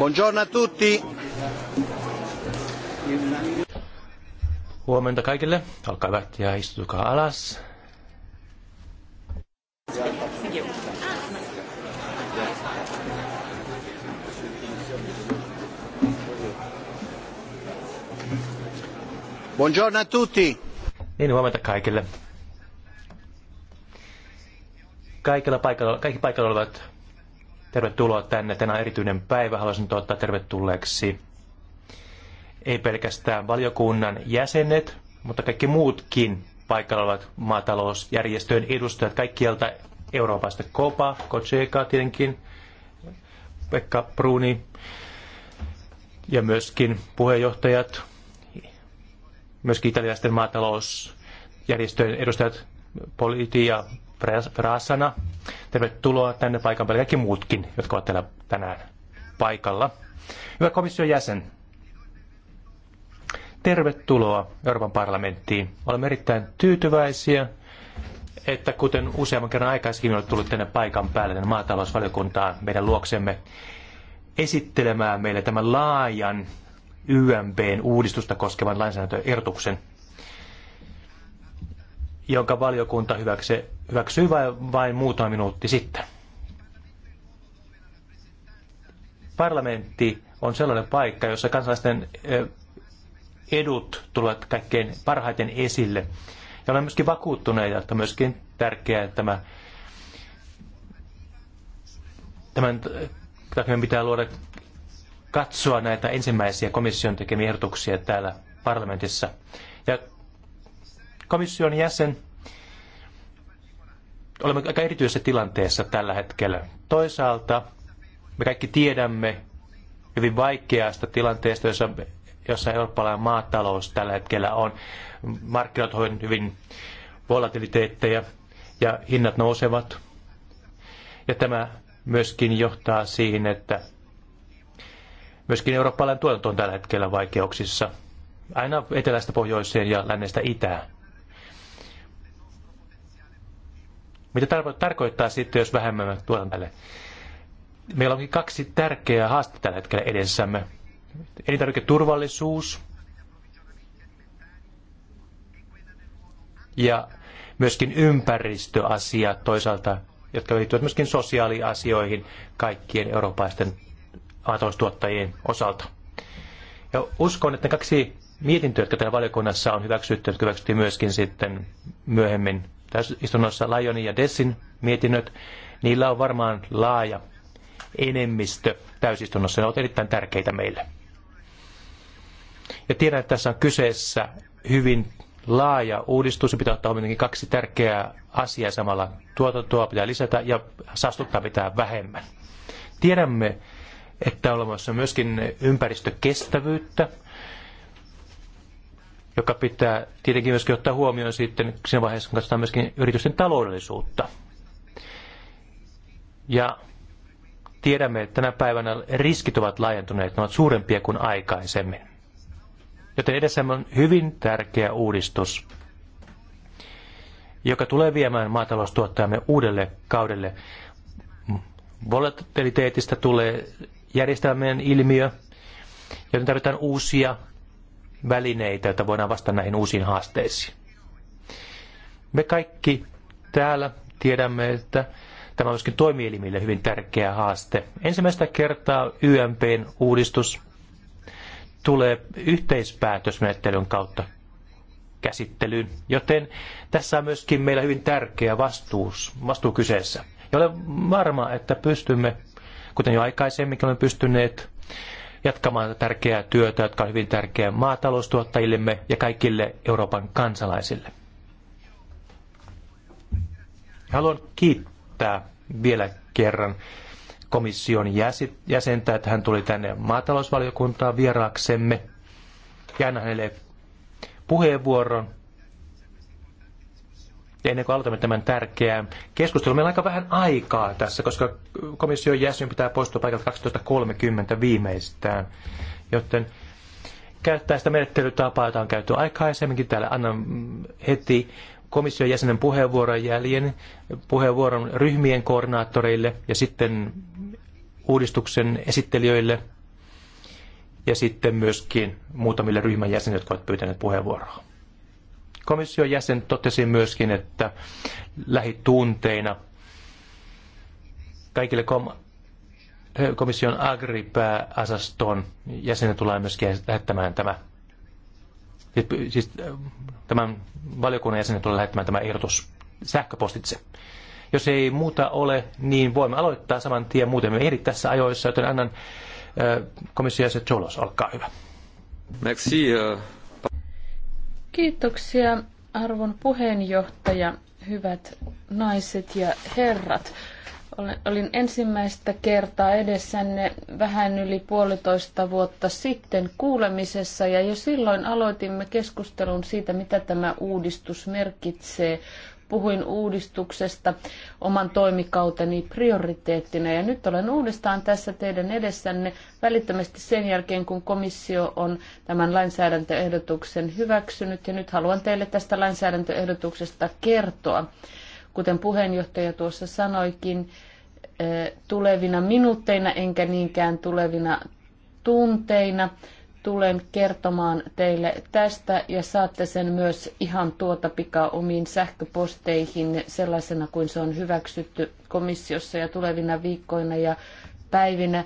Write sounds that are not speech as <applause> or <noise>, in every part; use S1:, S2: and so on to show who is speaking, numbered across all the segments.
S1: Buongiorno a tutti. Huomenta kaikille. Alkaa hyvät ja istukaa alas. Buongiorno a tutti. Niin, huomenta kaikille. Kaikilla paikalla, kaikki paikalla olevat Tervetuloa tänne. Tänään on erityinen päivä. Haluaisin toivottaa tervetulleeksi ei pelkästään valiokunnan jäsenet, mutta kaikki muutkin paikalla olevat maatalousjärjestöjen edustajat kaikkialta Euroopasta. Kopa, Kocheka tietenkin, Pekka Bruni ja myöskin puheenjohtajat, myöskin italialaisten maatalousjärjestöjen edustajat Politi ja Prasana. Tervetuloa tänne paikan päälle kaikki muutkin, jotka ovat täällä tänään paikalla. Hyvä komission jäsen, tervetuloa Euroopan parlamenttiin. Olemme erittäin tyytyväisiä, että kuten useamman kerran aikaisemmin olet tullut tänne paikan päälle, tänne maatalousvaliokuntaan meidän luoksemme esittelemään meille tämän laajan YMPn uudistusta koskevan lainsäädäntöehdotuksen, jonka valiokunta hyväksyi hyväksyi vain, vain muutama minuutti sitten. Parlamentti on sellainen paikka, jossa kansalaisten edut tulevat kaikkein parhaiten esille. Ja olen myöskin vakuuttuneita, että myöskin tärkeää, että tämä, tämän takia pitää luoda katsoa näitä ensimmäisiä komission tekemiä ehdotuksia täällä parlamentissa. Ja komission jäsen olemme aika erityisessä tilanteessa tällä hetkellä. Toisaalta me kaikki tiedämme hyvin vaikeasta tilanteesta, jossa, jossa eurooppalainen maatalous tällä hetkellä on. Markkinat ovat hyvin volatiliteetteja ja hinnat nousevat. Ja tämä myöskin johtaa siihen, että myöskin eurooppalainen tuotanto on tällä hetkellä vaikeuksissa. Aina etelästä pohjoiseen ja lännestä itään. Mitä tarko- tarkoittaa sitten, jos vähemmän tuotan tälle? Meillä onkin kaksi tärkeää haastetta tällä hetkellä edessämme. Elintarviketurvallisuus ja myöskin ympäristöasiat toisaalta, jotka liittyvät myöskin sosiaaliasioihin kaikkien eurooppalaisten maataloustuottajien osalta. Ja uskon, että ne kaksi mietintöä, jotka täällä valiokunnassa on hyväksytty, jotka hyväksyttiin myöskin sitten myöhemmin istunnossa Lajonin ja Dessin mietinnöt, niillä on varmaan laaja enemmistö täysistunnossa. Ne ovat erittäin tärkeitä meille. Ja tiedän, että tässä on kyseessä hyvin laaja uudistus, pitää ottaa huomioon kaksi tärkeää asiaa samalla. Tuotantoa pitää lisätä ja saastuttaa pitää vähemmän. Tiedämme, että on olemassa myöskin ympäristökestävyyttä, joka pitää tietenkin myöskin ottaa huomioon sitten siinä vaiheessa, kun katsotaan myöskin yritysten taloudellisuutta. Ja tiedämme, että tänä päivänä riskit ovat laajentuneet, ne ovat suurempia kuin aikaisemmin. Joten edessämme on hyvin tärkeä uudistus, joka tulee viemään maataloustuottajamme uudelle kaudelle. Volatiliteetista tulee järjestelmien ilmiö, joten tarvitaan uusia välineitä, joita voidaan vastata näihin uusiin haasteisiin. Me kaikki täällä tiedämme, että tämä on myöskin toimielimille hyvin tärkeä haaste. Ensimmäistä kertaa YMPn uudistus tulee yhteispäätösmenettelyn kautta käsittelyyn, joten tässä on myöskin meillä hyvin tärkeä vastuus, vastuu kyseessä. Ja olen varma, että pystymme, kuten jo aikaisemminkin olemme pystyneet, jatkamaan tärkeää työtä, jotka on hyvin tärkeää maataloustuottajillemme ja kaikille Euroopan kansalaisille. Haluan kiittää vielä kerran komission jäsentä, että hän tuli tänne maatalousvaliokuntaan vieraaksemme ja annan hänelle puheenvuoron ja ennen kuin aloitamme tämän tärkeän keskustelun, meillä on aika vähän aikaa tässä, koska komission jäsen pitää poistua paikalta 12.30 viimeistään. Joten käyttää sitä menettelytapaa, jota on käyty aikaisemminkin. Täällä annan heti komission jäsenen puheenvuoron jäljen, puheenvuoron ryhmien koordinaattoreille ja sitten uudistuksen esittelijöille ja sitten myöskin muutamille ryhmän jäsenille, jotka ovat pyytäneet puheenvuoroa. Komission jäsen totesi myöskin, että lähitunteina kaikille kom- komission agripääasaston jäsenet tulee myöskin lähettämään tämä, siis, siis äh, tämän valiokunnan jäsenet tulee lähettämään tämä ehdotus sähköpostitse. Jos ei muuta ole, niin voimme aloittaa saman tien. Muuten me ehdi tässä ajoissa, joten annan äh, komission jäsen Cholos, olkaa hyvä. Merci, uh...
S2: Kiitoksia arvon puheenjohtaja, hyvät naiset ja herrat. Olin ensimmäistä kertaa edessänne vähän yli puolitoista vuotta sitten kuulemisessa ja jo silloin aloitimme keskustelun siitä, mitä tämä uudistus merkitsee puhuin uudistuksesta oman toimikauteni prioriteettina. Ja nyt olen uudestaan tässä teidän edessänne välittömästi sen jälkeen, kun komissio on tämän lainsäädäntöehdotuksen hyväksynyt. Ja nyt haluan teille tästä lainsäädäntöehdotuksesta kertoa. Kuten puheenjohtaja tuossa sanoikin, eh, tulevina minuutteina enkä niinkään tulevina tunteina tulen kertomaan teille tästä ja saatte sen myös ihan tuota pikaa omiin sähköposteihin sellaisena kuin se on hyväksytty komissiossa ja tulevina viikkoina ja päivinä.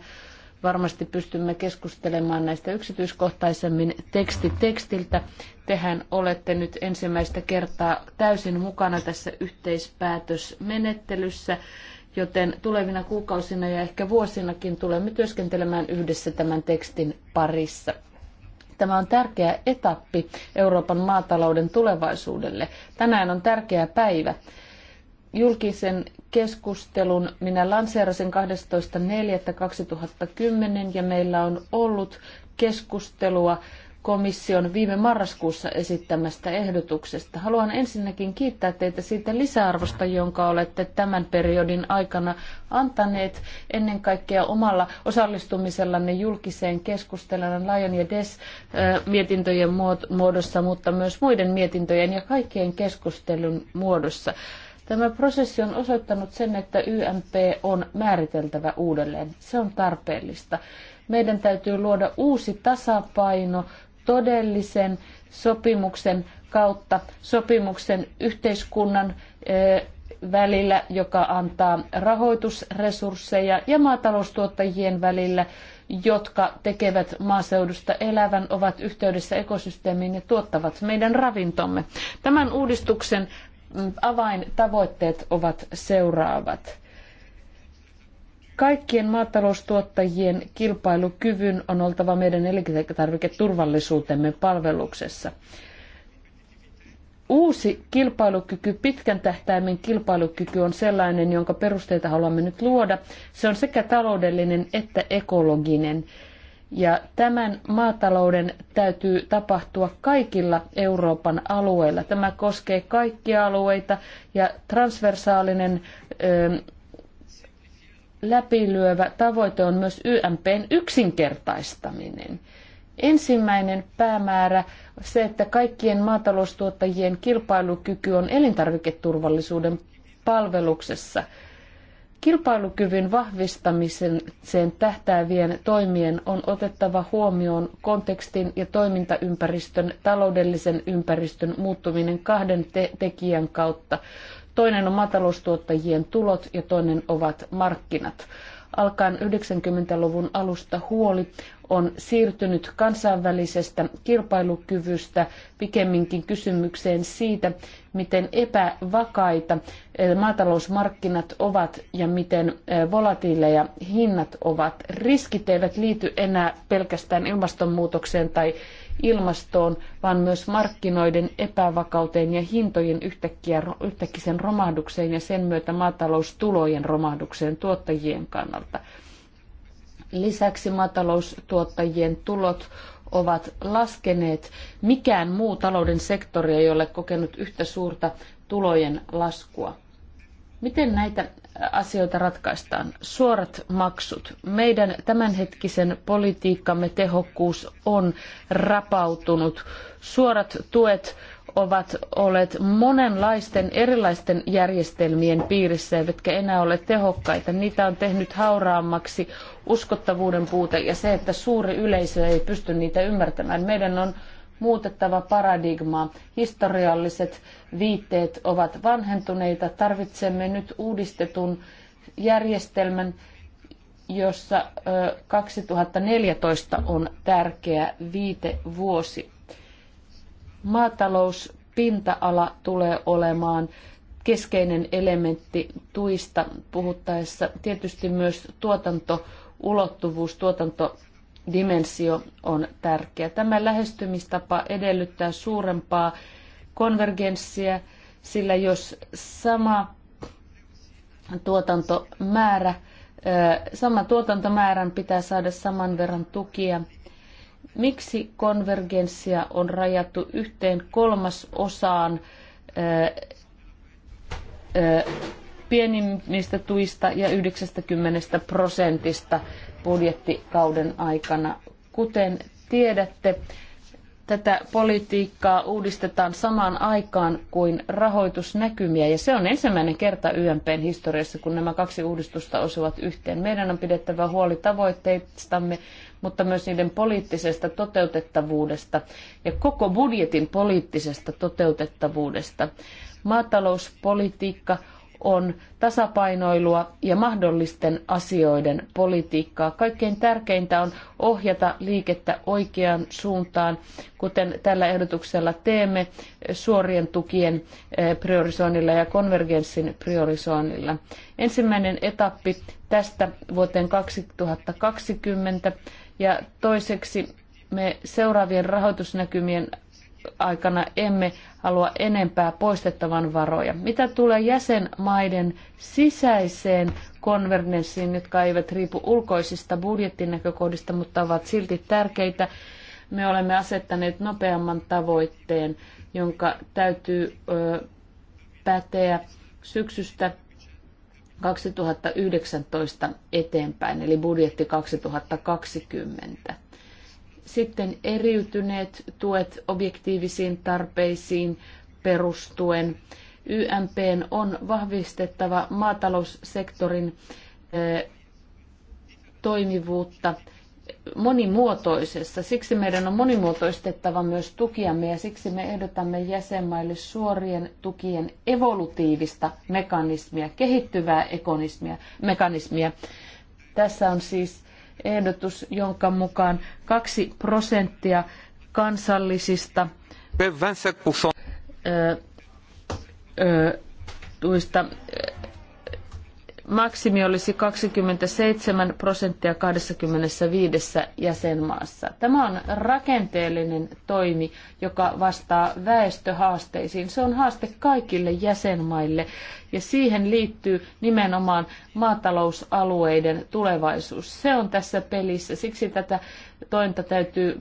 S2: Varmasti pystymme keskustelemaan näistä yksityiskohtaisemmin teksti tekstiltä. Tehän olette nyt ensimmäistä kertaa täysin mukana tässä yhteispäätösmenettelyssä joten tulevina kuukausina ja ehkä vuosinakin tulemme työskentelemään yhdessä tämän tekstin parissa. Tämä on tärkeä etappi Euroopan maatalouden tulevaisuudelle. Tänään on tärkeä päivä. Julkisen keskustelun minä lanseerasin 12.4.2010 ja meillä on ollut keskustelua komission viime marraskuussa esittämästä ehdotuksesta. Haluan ensinnäkin kiittää teitä siitä lisäarvosta, jonka olette tämän periodin aikana antaneet ennen kaikkea omalla osallistumisellanne julkiseen keskusteluun Lion ja Des mietintöjen muodossa, mutta myös muiden mietintöjen ja kaikkien keskustelun muodossa. Tämä prosessi on osoittanut sen, että YMP on määriteltävä uudelleen. Se on tarpeellista meidän täytyy luoda uusi tasapaino todellisen sopimuksen kautta, sopimuksen yhteiskunnan välillä, joka antaa rahoitusresursseja, ja maataloustuottajien välillä, jotka tekevät maaseudusta elävän, ovat yhteydessä ekosysteemiin ja tuottavat meidän ravintomme. Tämän uudistuksen mm, avaintavoitteet ovat seuraavat. Kaikkien maataloustuottajien kilpailukyvyn on oltava meidän elintarviketurvallisuutemme palveluksessa. Uusi kilpailukyky, pitkän tähtäimen kilpailukyky on sellainen, jonka perusteita haluamme nyt luoda. Se on sekä taloudellinen että ekologinen. Ja tämän maatalouden täytyy tapahtua kaikilla Euroopan alueilla. Tämä koskee kaikkia alueita ja transversaalinen ö, läpilyövä tavoite on myös YMPn yksinkertaistaminen. Ensimmäinen päämäärä se, että kaikkien maataloustuottajien kilpailukyky on elintarviketurvallisuuden palveluksessa. Kilpailukyvyn vahvistamiseen tähtäävien toimien on otettava huomioon kontekstin ja toimintaympäristön, taloudellisen ympäristön muuttuminen kahden te tekijän kautta. Toinen on maataloustuottajien tulot ja toinen ovat markkinat. Alkaen 90-luvun alusta huoli on siirtynyt kansainvälisestä kilpailukyvystä pikemminkin kysymykseen siitä, miten epävakaita eh, maatalousmarkkinat ovat ja miten eh, volatiileja hinnat ovat. Riskit eivät liity enää pelkästään ilmastonmuutokseen tai ilmastoon, vaan myös markkinoiden epävakauteen ja hintojen yhtäkkiä, yhtäkkisen romahdukseen ja sen myötä maataloustulojen romahdukseen tuottajien kannalta. Lisäksi maataloustuottajien tulot ovat laskeneet. Mikään muu talouden sektori ei ole kokenut yhtä suurta tulojen laskua. Miten näitä asioita ratkaistaan. Suorat maksut. Meidän tämänhetkisen politiikkamme tehokkuus on rapautunut. Suorat tuet ovat olleet monenlaisten erilaisten järjestelmien piirissä, eivätkä enää ole tehokkaita. Niitä on tehnyt hauraammaksi uskottavuuden puute ja se, että suuri yleisö ei pysty niitä ymmärtämään. Meidän on muutettava paradigmaa. Historialliset viitteet ovat vanhentuneita. Tarvitsemme nyt uudistetun järjestelmän, jossa 2014 on tärkeä viitevuosi. Maatalouspinta-ala tulee olemaan keskeinen elementti tuista puhuttaessa. Tietysti myös tuotantoulottuvuus, tuotanto dimensio on tärkeä. Tämä lähestymistapa edellyttää suurempaa konvergenssia, sillä jos sama tuotantomäärä, sama tuotantomäärän pitää saada saman verran tukia, miksi konvergenssia on rajattu yhteen kolmasosaan pienimmistä tuista ja 90 prosentista budjettikauden aikana. Kuten tiedätte, tätä politiikkaa uudistetaan samaan aikaan kuin rahoitusnäkymiä. Ja se on ensimmäinen kerta YMPn historiassa, kun nämä kaksi uudistusta osuvat yhteen. Meidän on pidettävä huoli tavoitteistamme, mutta myös niiden poliittisesta toteutettavuudesta ja koko budjetin poliittisesta toteutettavuudesta. Maatalouspolitiikka on tasapainoilua ja mahdollisten asioiden politiikkaa. Kaikkein tärkeintä on ohjata liikettä oikeaan suuntaan, kuten tällä ehdotuksella teemme suorien tukien eh, priorisoinnilla ja konvergenssin priorisoinnilla. Ensimmäinen etappi tästä vuoteen 2020 ja toiseksi me seuraavien rahoitusnäkymien aikana emme halua enempää poistettavan varoja. Mitä tulee jäsenmaiden sisäiseen konvergenssiin, jotka eivät riipu ulkoisista budjettinäkökohdista, mutta ovat silti tärkeitä, me olemme asettaneet nopeamman tavoitteen, jonka täytyy ö, päteä syksystä 2019 eteenpäin, eli budjetti 2020. Sitten eriytyneet tuet objektiivisiin tarpeisiin perustuen. YMPn on vahvistettava maataloussektorin toimivuutta monimuotoisessa. Siksi meidän on monimuotoistettava myös tukiamme ja siksi me ehdotamme jäsenmaille suorien tukien evolutiivista mekanismia, kehittyvää ekonismia, mekanismia. Tässä on siis ehdotus, jonka mukaan kaksi prosenttia kansallisista tuista maksimi olisi 27 prosenttia 25 jäsenmaassa. Tämä on rakenteellinen toimi, joka vastaa väestöhaasteisiin. Se on haaste kaikille jäsenmaille ja siihen liittyy nimenomaan maatalousalueiden tulevaisuus. Se on tässä pelissä, siksi tätä tointa täytyy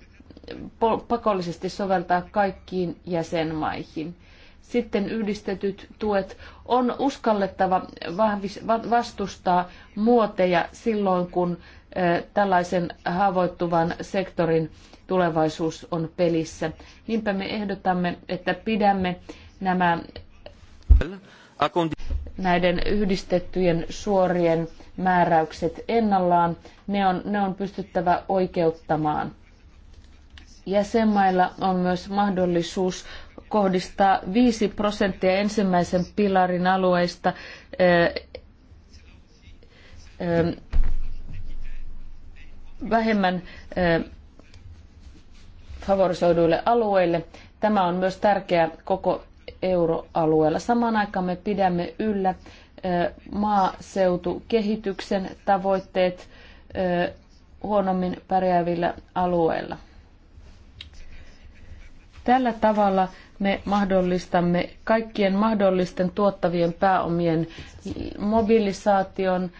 S2: pakollisesti soveltaa kaikkiin jäsenmaihin sitten yhdistetyt tuet, on uskallettava vastustaa muoteja silloin, kun tällaisen haavoittuvan sektorin tulevaisuus on pelissä. Niinpä me ehdotamme, että pidämme nämä näiden yhdistettyjen suorien määräykset ennallaan. Ne on, ne on pystyttävä oikeuttamaan. Jäsenmailla on myös mahdollisuus kohdistaa 5 prosenttia ensimmäisen pilarin alueista eh, eh, eh, vähemmän favorisoiduille alueille. Tämä on myös tärkeä koko euroalueella. Samaan aikaan me pidämme yllä maaseutukehityksen tavoitteet huonommin pärjäävillä alueilla. Tällä tavalla me mahdollistamme kaikkien mahdollisten tuottavien pääomien mobilisaation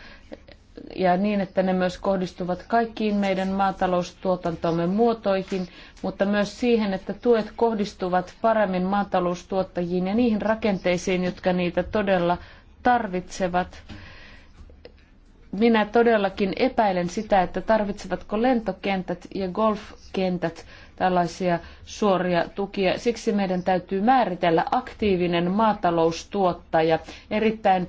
S2: ja niin, että ne myös kohdistuvat kaikkiin meidän maataloustuotantomme muotoihin, mutta myös siihen, että tuet kohdistuvat paremmin maataloustuottajiin ja niihin rakenteisiin, jotka niitä todella tarvitsevat. Minä todellakin epäilen sitä, että tarvitsevatko lentokentät ja golfkentät tällaisia suoria tukia. Siksi meidän täytyy määritellä aktiivinen maataloustuottaja erittäin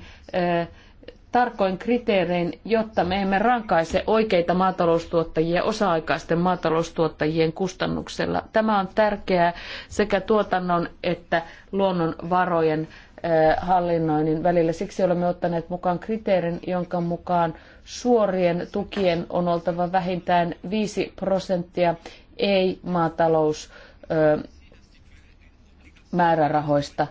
S2: tarkoin kriteerein, jotta me emme rankaise oikeita maataloustuottajia osa-aikaisten maataloustuottajien kustannuksella. Tämä on tärkeää sekä tuotannon että luonnonvarojen hallinnoinnin välillä. Siksi olemme ottaneet mukaan kriteerin, jonka mukaan suorien tukien on oltava vähintään 5 prosenttia ei maatalousmäärärahoista.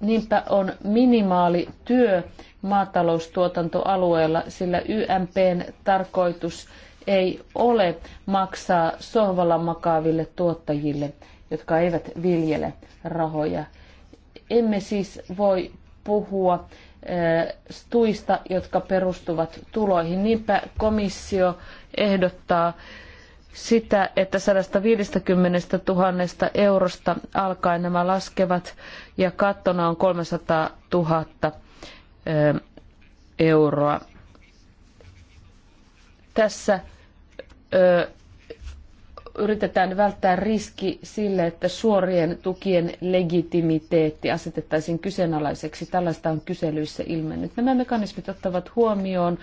S2: Niinpä on minimaali työ maataloustuotantoalueella, sillä YMPn tarkoitus ei ole maksaa sohvalla makaaville tuottajille, jotka eivät viljele rahoja. Emme siis voi puhua tuista, jotka perustuvat tuloihin. Niinpä komissio ehdottaa sitä, että 150 000 eurosta alkaen nämä laskevat ja kattona on 300 000 euroa. Tässä ö, yritetään välttää riski sille, että suorien tukien legitimiteetti asetettaisiin kyseenalaiseksi. Tällaista on kyselyissä ilmennyt. Nämä mekanismit ottavat huomioon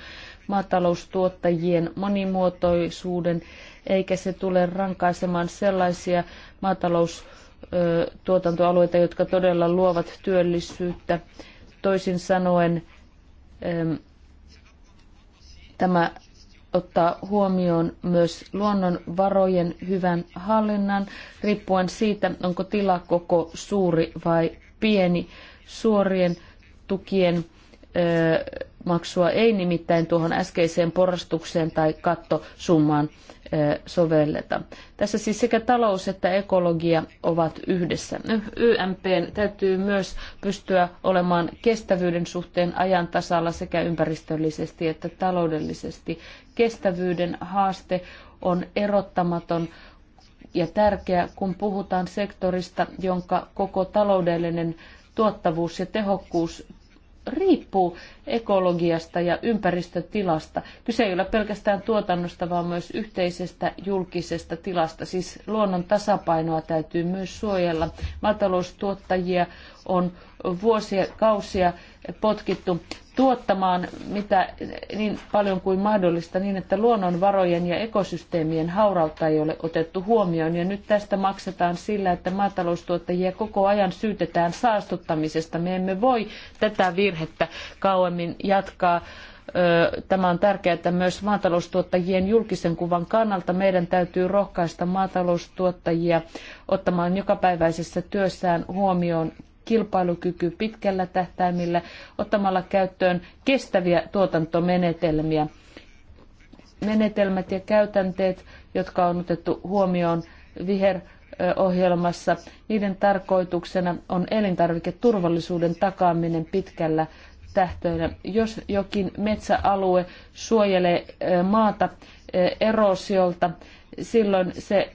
S2: maataloustuottajien monimuotoisuuden, eikä se tule rankaisemaan sellaisia maataloustuotantoalueita, jotka todella luovat työllisyyttä. Toisin sanoen tämä ottaa huomioon myös luonnonvarojen hyvän hallinnan, riippuen siitä, onko tilakoko suuri vai pieni. Suorien tukien maksua ei nimittäin tuohon äskeiseen porrastukseen tai kattosummaan sovelleta. Tässä siis sekä talous että ekologia ovat yhdessä. YMPn täytyy myös pystyä olemaan kestävyyden suhteen ajan tasalla sekä ympäristöllisesti että taloudellisesti. Kestävyyden haaste on erottamaton ja tärkeä, kun puhutaan sektorista, jonka koko taloudellinen tuottavuus ja tehokkuus riippuu ekologiasta ja ympäristötilasta. Kyse ei ole pelkästään tuotannosta, vaan myös yhteisestä julkisesta tilasta. Siis luonnon tasapainoa täytyy myös suojella. Maataloustuottajia on vuosia, kausia potkittu tuottamaan mitä, niin paljon kuin mahdollista niin, että luonnonvarojen ja ekosysteemien haurautta ei ole otettu huomioon. Ja nyt tästä maksetaan sillä, että maataloustuottajia koko ajan syytetään saastuttamisesta. Me emme voi tätä virhettä kauemmin jatkaa. Tämä on tärkeää että myös maataloustuottajien julkisen kuvan kannalta. Meidän täytyy rohkaista maataloustuottajia ottamaan jokapäiväisessä työssään huomioon kilpailukyky pitkällä tähtäimillä ottamalla käyttöön kestäviä tuotantomenetelmiä. Menetelmät ja käytänteet, jotka on otettu huomioon viher ohjelmassa. Niiden tarkoituksena on elintarviketurvallisuuden takaaminen pitkällä tähtöillä. Jos jokin metsäalue suojelee eh, maata eh, erosiolta, silloin se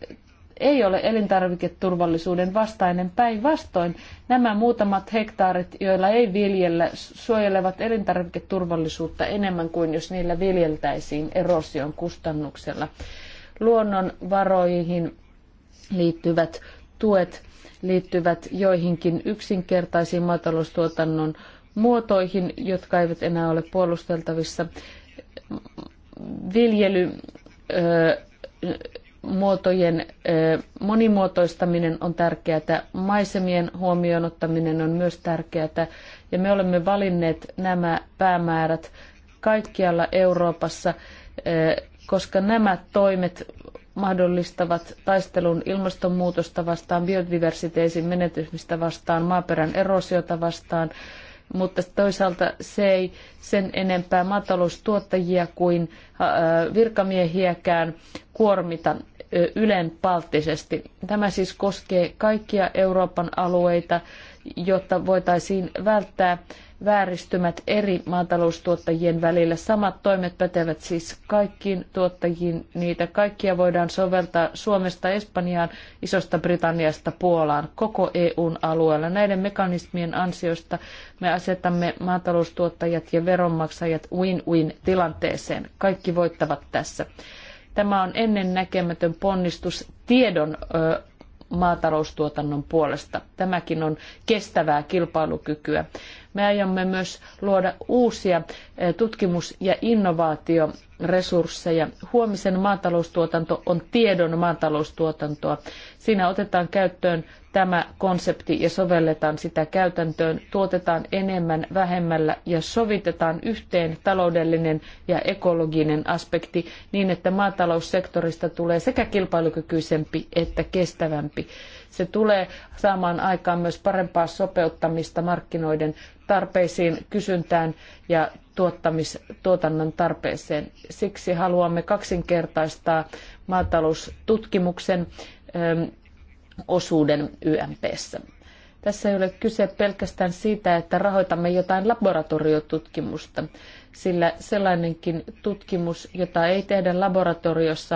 S2: ei ole elintarviketurvallisuuden vastainen päinvastoin. Nämä muutamat hektaarit, joilla ei viljellä, suojelevat elintarviketurvallisuutta enemmän kuin jos niillä viljeltäisiin erosion kustannuksella. Luonnonvaroihin liittyvät tuet liittyvät joihinkin yksinkertaisiin maataloustuotannon muotoihin, jotka eivät enää ole puolusteltavissa. Viljely muotojen monimuotoistaminen on tärkeää, maisemien huomioon ottaminen on myös tärkeää, ja me olemme valinneet nämä päämäärät kaikkialla Euroopassa, koska nämä toimet mahdollistavat taistelun ilmastonmuutosta vastaan, biodiversiteetin menetymistä vastaan, maaperän erosiota vastaan, mutta toisaalta se ei sen enempää maataloustuottajia kuin äh, virkamiehiäkään kuormita ylenpalttisesti. Tämä siis koskee kaikkia Euroopan alueita jotta voitaisiin välttää vääristymät eri maataloustuottajien välillä. Samat toimet pätevät siis kaikkiin tuottajiin. Niitä kaikkia voidaan soveltaa Suomesta Espanjaan, Isosta Britanniasta Puolaan, koko EUn alueella. Näiden mekanismien ansiosta me asetamme maataloustuottajat ja veronmaksajat win-win tilanteeseen. Kaikki voittavat tässä. Tämä on ennen näkemätön ponnistus tiedon maataloustuotannon puolesta. Tämäkin on kestävää kilpailukykyä. Me aiomme myös luoda uusia eh, tutkimus- ja innovaatioresursseja. Huomisen maataloustuotanto on tiedon maataloustuotantoa. Siinä otetaan käyttöön tämä konsepti ja sovelletaan sitä käytäntöön, tuotetaan enemmän vähemmällä ja sovitetaan yhteen taloudellinen ja ekologinen aspekti niin, että maataloussektorista tulee sekä kilpailukykyisempi että kestävämpi. Se tulee saamaan aikaan myös parempaa sopeuttamista markkinoiden tarpeisiin, kysyntään ja tuottamis, tuotannon tarpeeseen. Siksi haluamme kaksinkertaistaa maataloustutkimuksen ähm, osuuden YMPssä. Tässä ei ole kyse pelkästään siitä, että rahoitamme jotain laboratoriotutkimusta, sillä sellainenkin tutkimus, jota ei tehdä laboratoriossa,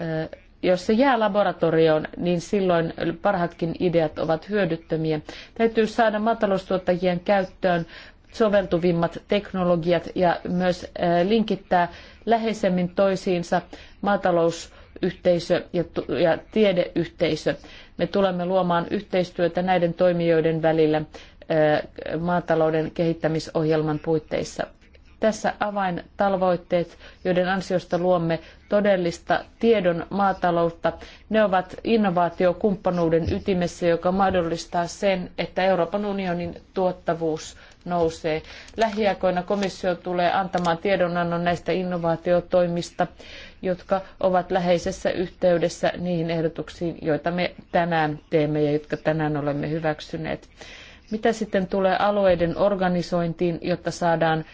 S2: äh, jos se jää laboratorioon, niin silloin parhaatkin ideat ovat hyödyttömiä. Täytyy saada maataloustuottajien käyttöön soveltuvimmat teknologiat ja myös eh, linkittää läheisemmin toisiinsa maatalousyhteisö ja, ja tiedeyhteisö. Me tulemme luomaan yhteistyötä näiden toimijoiden välillä eh, maatalouden kehittämisohjelman puitteissa. Tässä avaintalvoitteet, joiden ansiosta luomme todellista tiedon maataloutta, ne ovat innovaatiokumppanuuden ytimessä, joka mahdollistaa sen, että Euroopan unionin tuottavuus nousee. Lähiaikoina komissio tulee antamaan tiedonannon näistä innovaatiotoimista, jotka ovat läheisessä yhteydessä niihin ehdotuksiin, joita me tänään teemme ja jotka tänään olemme hyväksyneet. Mitä sitten tulee alueiden organisointiin, jotta saadaan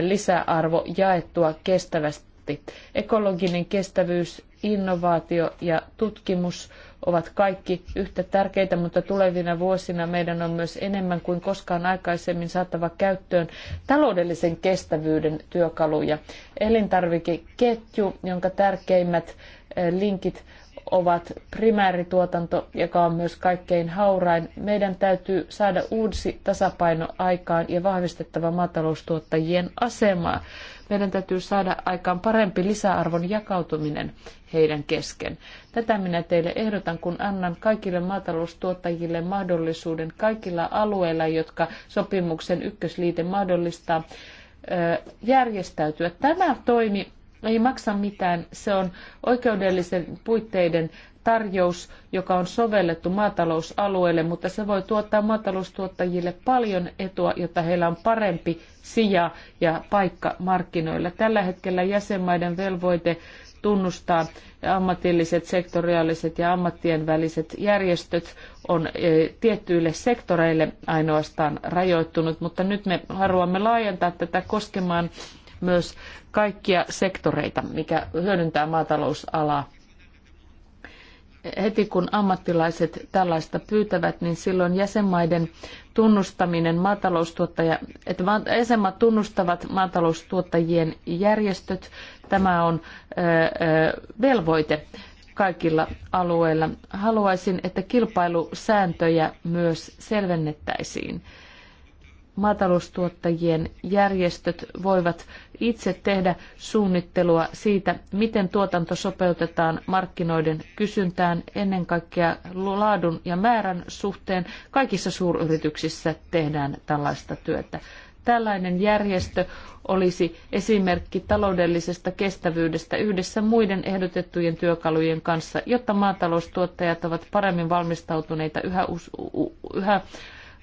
S2: lisäarvo jaettua kestävästi? Ekologinen kestävyys, innovaatio ja tutkimus ovat kaikki yhtä tärkeitä, mutta tulevina vuosina meidän on myös enemmän kuin koskaan aikaisemmin saatava käyttöön taloudellisen kestävyyden työkaluja. Elintarvikeketju, jonka tärkeimmät linkit ovat primäärituotanto, joka on myös kaikkein haurain. Meidän täytyy saada uusi tasapaino aikaan ja vahvistettava maataloustuottajien asemaa. Meidän täytyy saada aikaan parempi lisäarvon jakautuminen heidän kesken. Tätä minä teille ehdotan, kun annan kaikille maataloustuottajille mahdollisuuden kaikilla alueilla, jotka sopimuksen ykkösliite mahdollistaa, järjestäytyä. Tämä toimi ei maksa mitään. Se on oikeudellisen puitteiden tarjous, joka on sovellettu maatalousalueelle, mutta se voi tuottaa maataloustuottajille paljon etua, jotta heillä on parempi sija ja paikka markkinoilla. Tällä hetkellä jäsenmaiden velvoite tunnustaa ammatilliset, sektoriaaliset ja ammattien väliset järjestöt on e, tiettyille sektoreille ainoastaan rajoittunut, mutta nyt me haluamme laajentaa tätä koskemaan myös kaikkia sektoreita, mikä hyödyntää maatalousalaa. Heti kun ammattilaiset tällaista pyytävät, niin silloin jäsenmaiden tunnustaminen maataloustuottaja, että jäsenmaat tunnustavat maataloustuottajien järjestöt, tämä on velvoite kaikilla alueilla. Haluaisin, että kilpailusääntöjä myös selvennettäisiin. Maataloustuottajien järjestöt voivat itse tehdä suunnittelua siitä, miten tuotanto sopeutetaan markkinoiden kysyntään ennen kaikkea laadun ja määrän suhteen. Kaikissa suuryrityksissä tehdään tällaista työtä. Tällainen järjestö olisi esimerkki taloudellisesta kestävyydestä yhdessä muiden ehdotettujen työkalujen kanssa, jotta maataloustuottajat ovat paremmin valmistautuneita yhä, yhä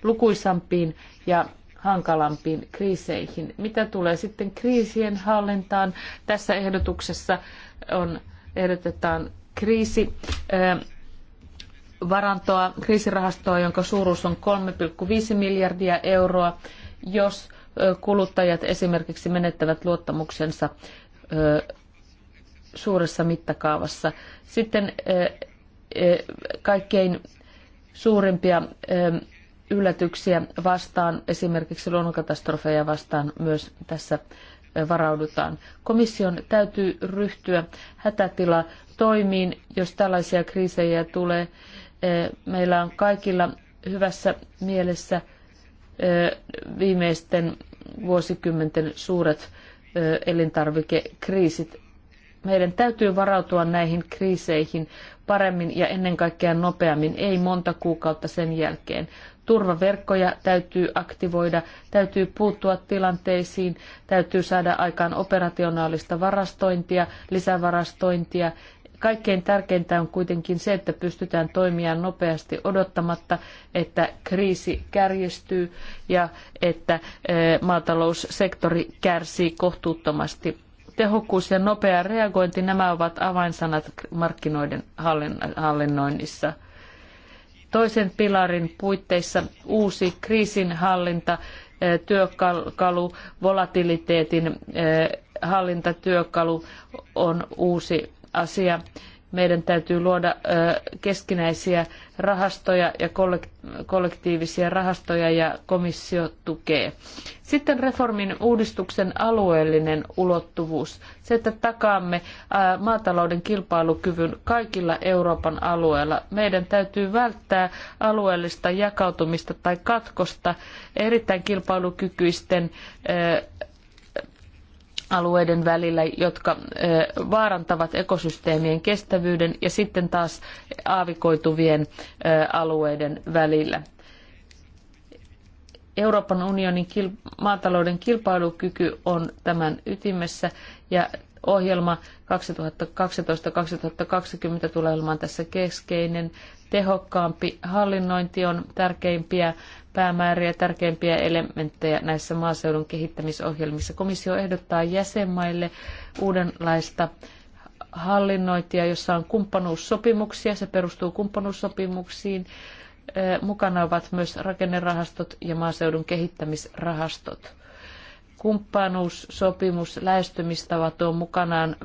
S2: lukuisampiin ja hankalampiin kriiseihin. Mitä tulee sitten kriisien hallintaan? Tässä ehdotuksessa on, ehdotetaan kriisi varantoa, kriisirahastoa, jonka suuruus on 3,5 miljardia euroa, jos kuluttajat esimerkiksi menettävät luottamuksensa suuressa mittakaavassa. Sitten kaikkein suurimpia yllätyksiä vastaan, esimerkiksi luonnonkatastrofeja vastaan myös tässä varaudutaan. Komission täytyy ryhtyä hätätila toimiin, jos tällaisia kriisejä tulee. Eh, meillä on kaikilla hyvässä mielessä eh, viimeisten vuosikymmenten suuret eh, elintarvikekriisit. Meidän täytyy varautua näihin kriiseihin paremmin ja ennen kaikkea nopeammin, ei monta kuukautta sen jälkeen turvaverkkoja täytyy aktivoida, täytyy puuttua tilanteisiin, täytyy saada aikaan operationaalista varastointia, lisävarastointia. Kaikkein tärkeintä on kuitenkin se, että pystytään toimimaan nopeasti odottamatta, että kriisi kärjistyy ja että eh, maataloussektori kärsii kohtuuttomasti. Tehokkuus ja nopea reagointi, nämä ovat avainsanat markkinoiden hallinnoinnissa toisen pilarin puitteissa uusi kriisinhallinta työkalu, volatiliteetin hallintatyökalu on uusi asia meidän täytyy luoda keskinäisiä rahastoja ja kollektiivisia rahastoja ja komissio tukee. Sitten reformin uudistuksen alueellinen ulottuvuus. Se, että takaamme maatalouden kilpailukyvyn kaikilla Euroopan alueilla. Meidän täytyy välttää alueellista jakautumista tai katkosta erittäin kilpailukykyisten alueiden välillä, jotka vaarantavat ekosysteemien kestävyyden ja sitten taas aavikoituvien alueiden välillä. Euroopan unionin maatalouden kilpailukyky on tämän ytimessä ja ohjelma 2012-2020 tulee olemaan tässä keskeinen tehokkaampi hallinnointi on tärkeimpiä päämääriä, tärkeimpiä elementtejä näissä maaseudun kehittämisohjelmissa. Komissio ehdottaa jäsenmaille uudenlaista hallinnointia, jossa on kumppanuussopimuksia. Se perustuu kumppanuussopimuksiin. Mukana ovat myös rakennerahastot ja maaseudun kehittämisrahastot. Kumppanuussopimus lähestymistavat on mukanaan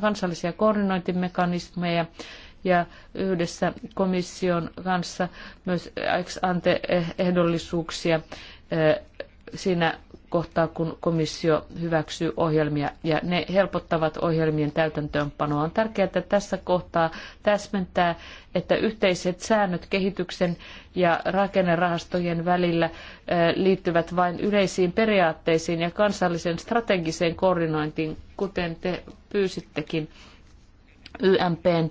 S2: kansallisia koordinointimekanismeja ja yhdessä komission kanssa myös ex-ante-ehdollisuuksia eh, siinä kohtaa, kun komissio hyväksyy ohjelmia ja ne helpottavat ohjelmien täytäntöönpanoa. On tärkeää, että tässä kohtaa täsmentää, että yhteiset säännöt kehityksen ja rakennerahastojen välillä eh, liittyvät vain yleisiin periaatteisiin ja kansalliseen strategiseen koordinointiin, kuten te pyysittekin YMPn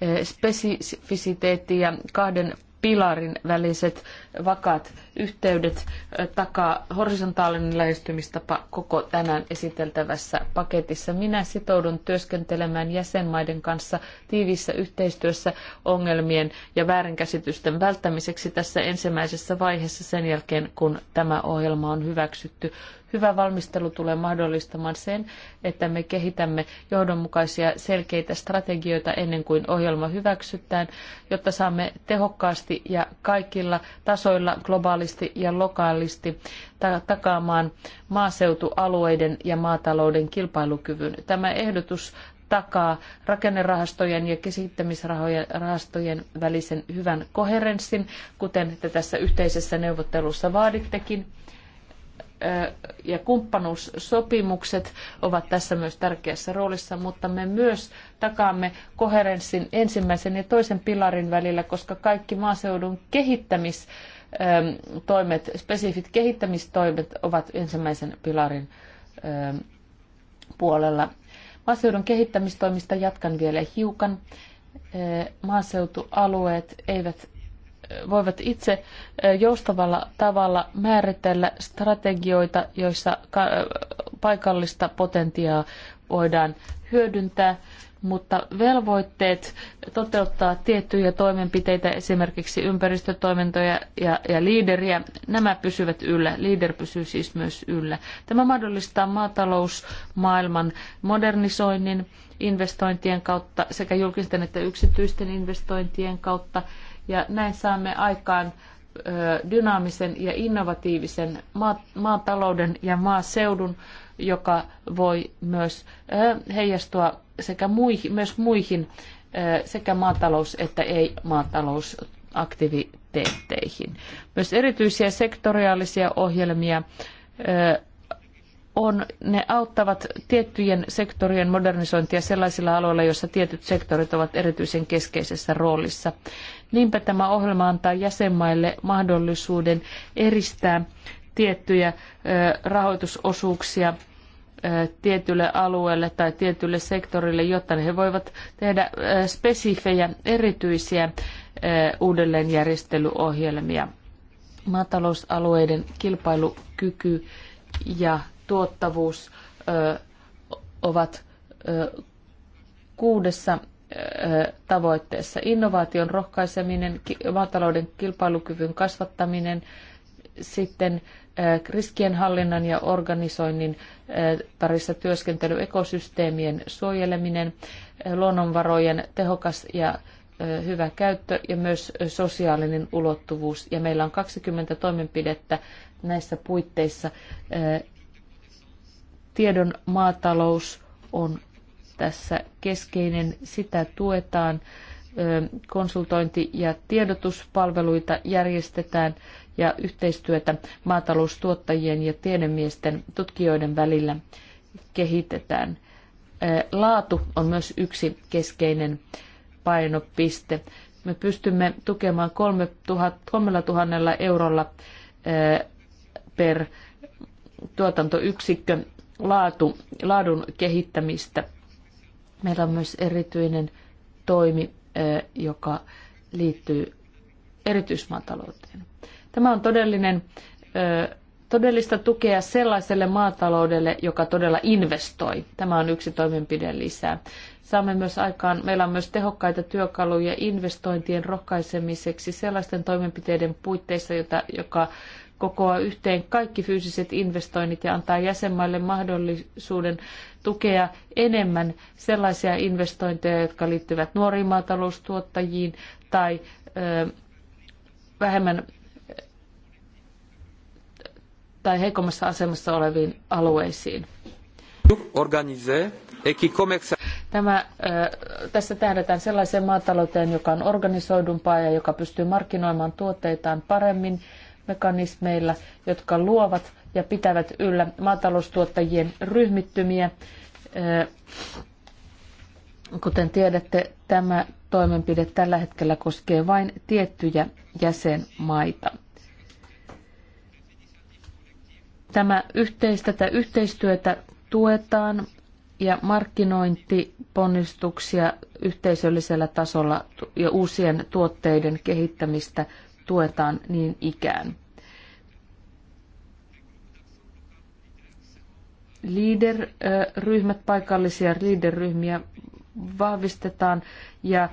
S2: eh, spesifisiteetti ja kahden pilarin väliset vakaat yhteydet eh, takaa horisontaalinen lähestymistapa koko tänään esiteltävässä paketissa. Minä sitoudun työskentelemään jäsenmaiden kanssa tiiviissä yhteistyössä ongelmien ja väärinkäsitysten välttämiseksi tässä ensimmäisessä vaiheessa sen jälkeen, kun tämä ohjelma on hyväksytty. Hyvä valmistelu tulee mahdollistamaan sen, että me kehitämme johdonmukaisia selkeitä strategioita ennen kuin ohjelma hyväksytään, jotta saamme tehokkaasti ja kaikilla tasoilla globaalisti ja lokaalisti takaamaan maaseutualueiden ja maatalouden kilpailukyvyn. Tämä ehdotus takaa rakennerahastojen ja kesittämisrahastojen välisen hyvän koherenssin, kuten te tässä yhteisessä neuvottelussa vaadittekin ja kumppanuussopimukset ovat tässä myös tärkeässä roolissa, mutta me myös takaamme koherenssin ensimmäisen ja toisen pilarin välillä, koska kaikki maaseudun kehittämistoimet, spesifit kehittämistoimet ovat ensimmäisen pilarin puolella. Maaseudun kehittämistoimista jatkan vielä hiukan. Maaseutualueet eivät voivat itse joustavalla tavalla määritellä strategioita, joissa paikallista potentiaa voidaan hyödyntää, mutta velvoitteet toteuttaa tiettyjä toimenpiteitä, esimerkiksi ympäristötoimintoja ja, ja liideriä, nämä pysyvät yllä. Liider pysyy siis myös yllä. Tämä mahdollistaa maatalousmaailman modernisoinnin investointien kautta sekä julkisten että yksityisten investointien kautta ja näin saamme aikaan dynaamisen ja innovatiivisen maatalouden ja maaseudun, joka voi myös heijastua sekä muihin, myös muihin sekä maatalous- että ei-maatalousaktiviteetteihin. Myös erityisiä sektoriaalisia ohjelmia on, ne auttavat tiettyjen sektorien modernisointia sellaisilla aloilla, joissa tietyt sektorit ovat erityisen keskeisessä roolissa. Niinpä tämä ohjelma antaa jäsenmaille mahdollisuuden eristää tiettyjä rahoitusosuuksia tietylle alueelle tai tietylle sektorille, jotta he voivat tehdä spesifejä, erityisiä uudelleenjärjestelyohjelmia. Maatalousalueiden kilpailukyky ja tuottavuus ovat kuudessa tavoitteessa. Innovaation rohkaiseminen, maatalouden kilpailukyvyn kasvattaminen, sitten riskienhallinnan ja organisoinnin parissa työskentely, ekosysteemien suojeleminen, luonnonvarojen tehokas ja hyvä käyttö ja myös sosiaalinen ulottuvuus. Ja meillä on 20 toimenpidettä näissä puitteissa. Tiedon maatalous on tässä keskeinen. Sitä tuetaan, konsultointi- ja tiedotuspalveluita järjestetään ja yhteistyötä maataloustuottajien ja tiedemiesten tutkijoiden välillä kehitetään. Laatu on myös yksi keskeinen painopiste. Me pystymme tukemaan 3000 eurolla per tuotantoyksikkö laatu, laadun kehittämistä – Meillä on myös erityinen toimi, joka liittyy erityismaatalouteen. Tämä on todellinen, todellista tukea sellaiselle maataloudelle, joka todella investoi. Tämä on yksi toimenpide lisää. Saamme myös aikaan, meillä on myös tehokkaita työkaluja investointien rohkaisemiseksi sellaisten toimenpiteiden puitteissa, jota, joka kokoaa yhteen kaikki fyysiset investoinnit ja antaa jäsenmaille mahdollisuuden tukea enemmän sellaisia investointeja, jotka liittyvät nuoriin maataloustuottajiin tai vähemmän tai heikommassa asemassa oleviin alueisiin. Tämä, tässä tähdätään sellaiseen maatalouteen, joka on organisoidumpaa ja joka pystyy markkinoimaan tuotteitaan paremmin mekanismeilla, jotka luovat ja pitävät yllä maataloustuottajien ryhmittymiä. Kuten tiedätte, tämä toimenpide tällä hetkellä koskee vain tiettyjä jäsenmaita. Tämä yhteis, tätä yhteistyötä tuetaan ja markkinointiponnistuksia yhteisöllisellä tasolla ja uusien tuotteiden kehittämistä tuetaan niin ikään. Leader-ryhmät, paikallisia leader-ryhmiä vahvistetaan ja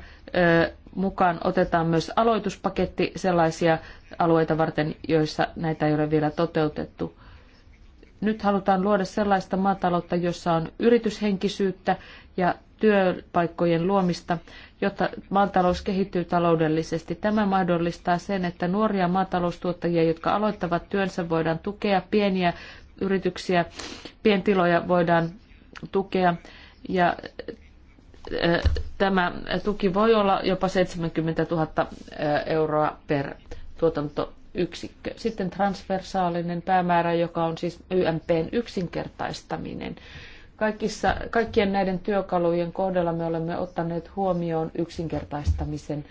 S2: mukaan otetaan myös aloituspaketti sellaisia alueita varten, joissa näitä ei ole vielä toteutettu. Nyt halutaan luoda sellaista maataloutta, jossa on yrityshenkisyyttä ja työpaikkojen luomista jotta maatalous kehittyy taloudellisesti. Tämä mahdollistaa sen, että nuoria maataloustuottajia, jotka aloittavat työnsä, voidaan tukea, pieniä yrityksiä, pientiloja voidaan tukea ja tämä tuki voi olla jopa 70 000 euroa per tuotantoyksikkö. Sitten transversaalinen päämäärä, joka on siis YMPn yksinkertaistaminen. Kaikissa, kaikkien näiden työkalujen kohdalla me olemme ottaneet huomioon yksinkertaistamisen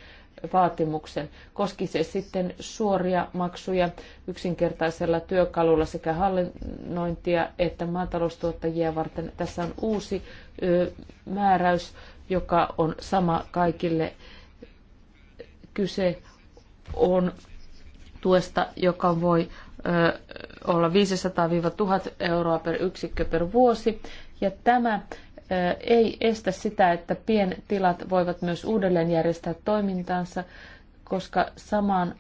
S2: vaatimuksen. Koski se sitten suoria maksuja yksinkertaisella työkalulla sekä hallinnointia että maataloustuottajia varten. Tässä on uusi määräys, joka on sama kaikille. Kyse on tuesta, joka voi olla 500-1000 euroa per yksikkö per vuosi ja tämä ei estä sitä, että pientilat voivat myös uudelleen järjestää toimintaansa, koska samaan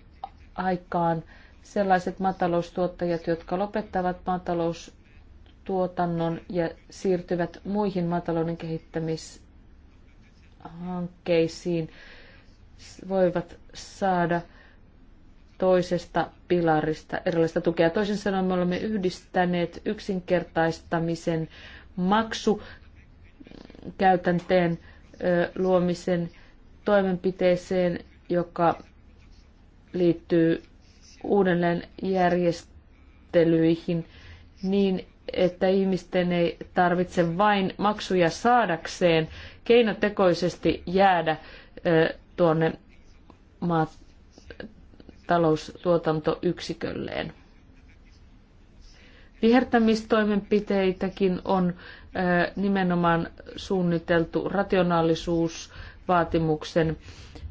S2: aikaan sellaiset maataloustuottajat, jotka lopettavat maataloustuotannon ja siirtyvät muihin maatalouden kehittämishankkeisiin, voivat saada toisesta pilarista erilaista tukea. Toisin sanoen me olemme yhdistäneet yksinkertaistamisen maksukäytänteen luomisen toimenpiteeseen, joka liittyy uudelleen järjestelyihin niin, että ihmisten ei tarvitse vain maksuja saadakseen keinotekoisesti jäädä tuonne maataloustuotantoyksikölleen. Vihertämistoimenpiteitäkin on nimenomaan suunniteltu rationaalisuusvaatimuksen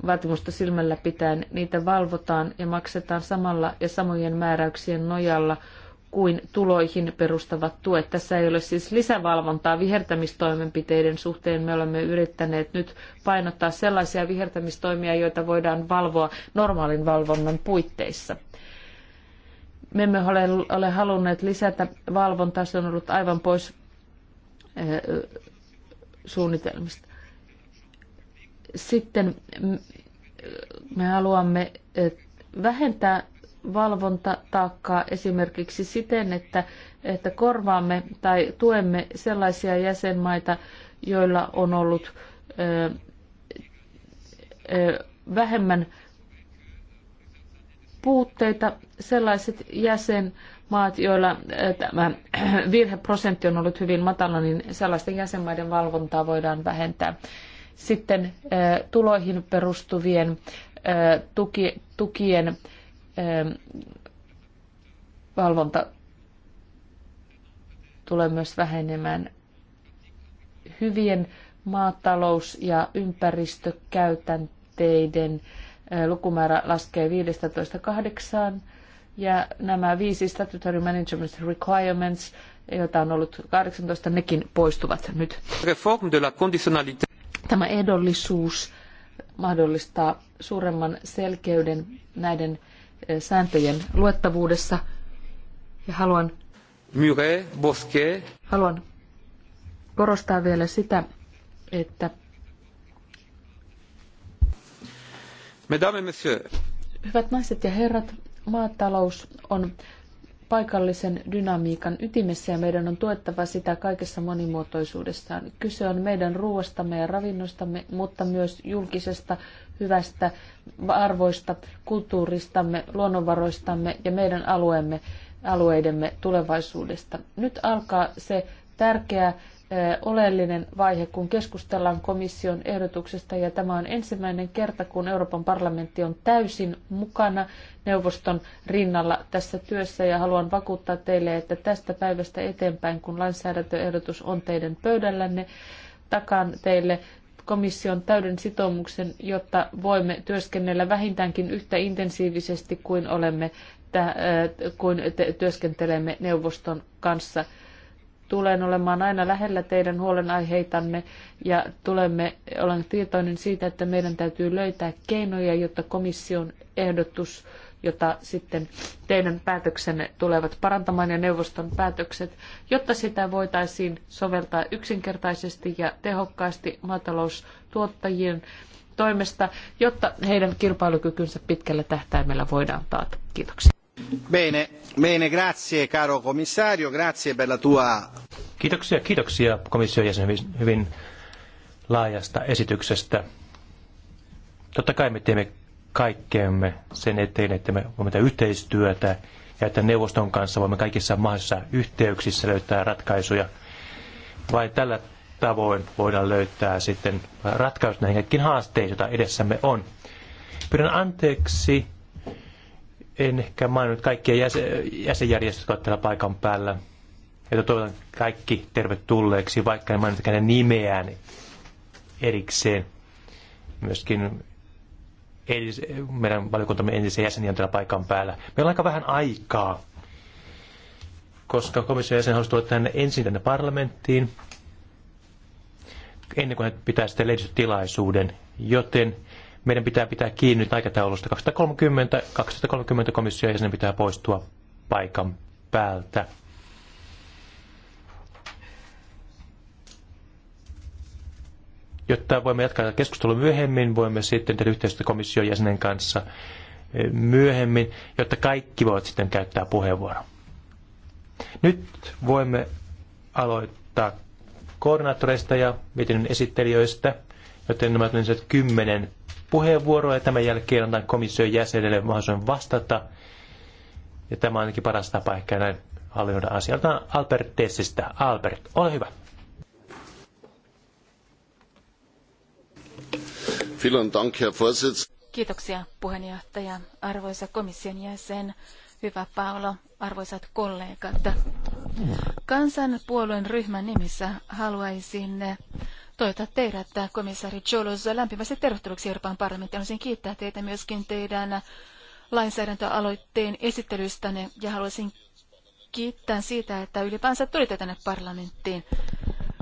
S2: vaatimusta silmällä pitäen. Niitä valvotaan ja maksetaan samalla ja samojen määräyksien nojalla kuin tuloihin perustavat tuet. Tässä ei ole siis lisävalvontaa vihertämistoimenpiteiden suhteen. Me olemme yrittäneet nyt painottaa sellaisia vihertämistoimia, joita voidaan valvoa normaalin valvonnan puitteissa. Me emme ole, ole halunneet lisätä valvontaa, se on ollut aivan pois eh, suunnitelmista. Sitten me haluamme eh, vähentää valvontataakkaa esimerkiksi siten, että, että korvaamme tai tuemme sellaisia jäsenmaita, joilla on ollut äh, äh, vähemmän puutteita sellaiset jäsenmaat, joilla eh, tämä <clears throat> virheprosentti on ollut hyvin matala, niin sellaisten jäsenmaiden valvontaa voidaan vähentää. Sitten eh, tuloihin perustuvien eh, tukien valvonta tulee myös vähenemään. Hyvien maatalous- ja ympäristökäytänteiden äh, lukumäärä laskee 8, ja nämä viisi statutory management requirements, joita on ollut 18, nekin poistuvat nyt. Tämä ehdollisuus mahdollistaa suuremman selkeyden näiden sääntöjen luettavuudessa ja haluan,
S3: Muret,
S2: haluan korostaa vielä sitä, että Mesdames et messieurs. Hyvät naiset ja herrat, maatalous on paikallisen dynamiikan ytimessä ja meidän on tuettava sitä kaikessa monimuotoisuudessaan. Kyse on meidän ruoastamme ja ravinnostamme, mutta myös julkisesta hyvästä arvoista, kulttuuristamme, luonnonvaroistamme ja meidän alueemme, alueidemme tulevaisuudesta. Nyt alkaa se tärkeä oleellinen vaihe, kun keskustellaan komission ehdotuksesta, ja tämä on ensimmäinen kerta, kun Euroopan parlamentti on täysin mukana neuvoston rinnalla tässä työssä, ja haluan vakuuttaa teille, että tästä päivästä eteenpäin, kun lainsäädäntöehdotus on teidän pöydällänne, takaan teille komission täyden sitoumuksen, jotta voimme työskennellä vähintäänkin yhtä intensiivisesti kuin olemme kuin työskentelemme neuvoston kanssa tulen olemaan aina lähellä teidän huolenaiheitanne ja tulemme, olen tietoinen siitä, että meidän täytyy löytää keinoja, jotta komission ehdotus, jota sitten teidän päätöksenne tulevat parantamaan ja neuvoston päätökset, jotta sitä voitaisiin soveltaa yksinkertaisesti ja tehokkaasti maataloustuottajien toimesta, jotta heidän kilpailukykynsä pitkällä tähtäimellä voidaan taata. Kiitoksia.
S1: Bene, grazie caro komissario, grazie per la tua... Kiitoksia, kiitoksia komission jäsen hyvin, hyvin laajasta esityksestä. Totta kai me teemme kaikkeemme sen eteen, että me voimme tehdä yhteistyötä ja että neuvoston kanssa voimme kaikissa mahdollisissa yhteyksissä löytää ratkaisuja. Vai tällä tavoin voidaan löytää sitten ratkaisut näihin kaikkiin haasteisiin, joita edessämme on. Pyydän anteeksi en ehkä maininnut kaikkia jäsen, jäsenjärjestöt, jotka ovat täällä paikan päällä, Ja toivotan kaikki tervetulleeksi, vaikka en maininnut hänen nimeään erikseen. Myöskin edis, meidän valiokuntamme entisen jäseniä on täällä paikan päällä. Meillä on aika vähän aikaa, koska komission jäsen halusi tulla tänne ensin tänne parlamenttiin, ennen kuin hän pitää sitten lehdistötilaisuuden, joten meidän pitää pitää kiinni nyt aikataulusta 2030, 2030 komission jäsenen pitää poistua paikan päältä. Jotta voimme jatkaa keskustelua myöhemmin, voimme sitten tehdä yhteistyötä komission jäsenen kanssa eh, myöhemmin, jotta kaikki voivat sitten käyttää puheenvuoron. Nyt voimme aloittaa koordinaattoreista ja mietinnön esittelijöistä, joten nämä kymmenen puheenvuoroa ja tämän jälkeen annan komission jäsenelle mahdollisuuden vastata. Ja tämä on ainakin paras tapa ehkä näin hallinnoida asialta Albert Tessistä. Albert, ole hyvä.
S3: Kiitoksia puheenjohtaja, arvoisa komission jäsen, hyvä Paolo, arvoisat kollegat. Kansanpuolueen ryhmän nimissä haluaisin toivottaa teidät, komissaari Cholos, lämpimästi tervetulleeksi Euroopan parlamenttiin. Haluaisin kiittää teitä myöskin teidän lainsäädäntöaloitteen esittelystänne ja haluaisin kiittää siitä, että ylipäänsä tulitte tänne parlamenttiin.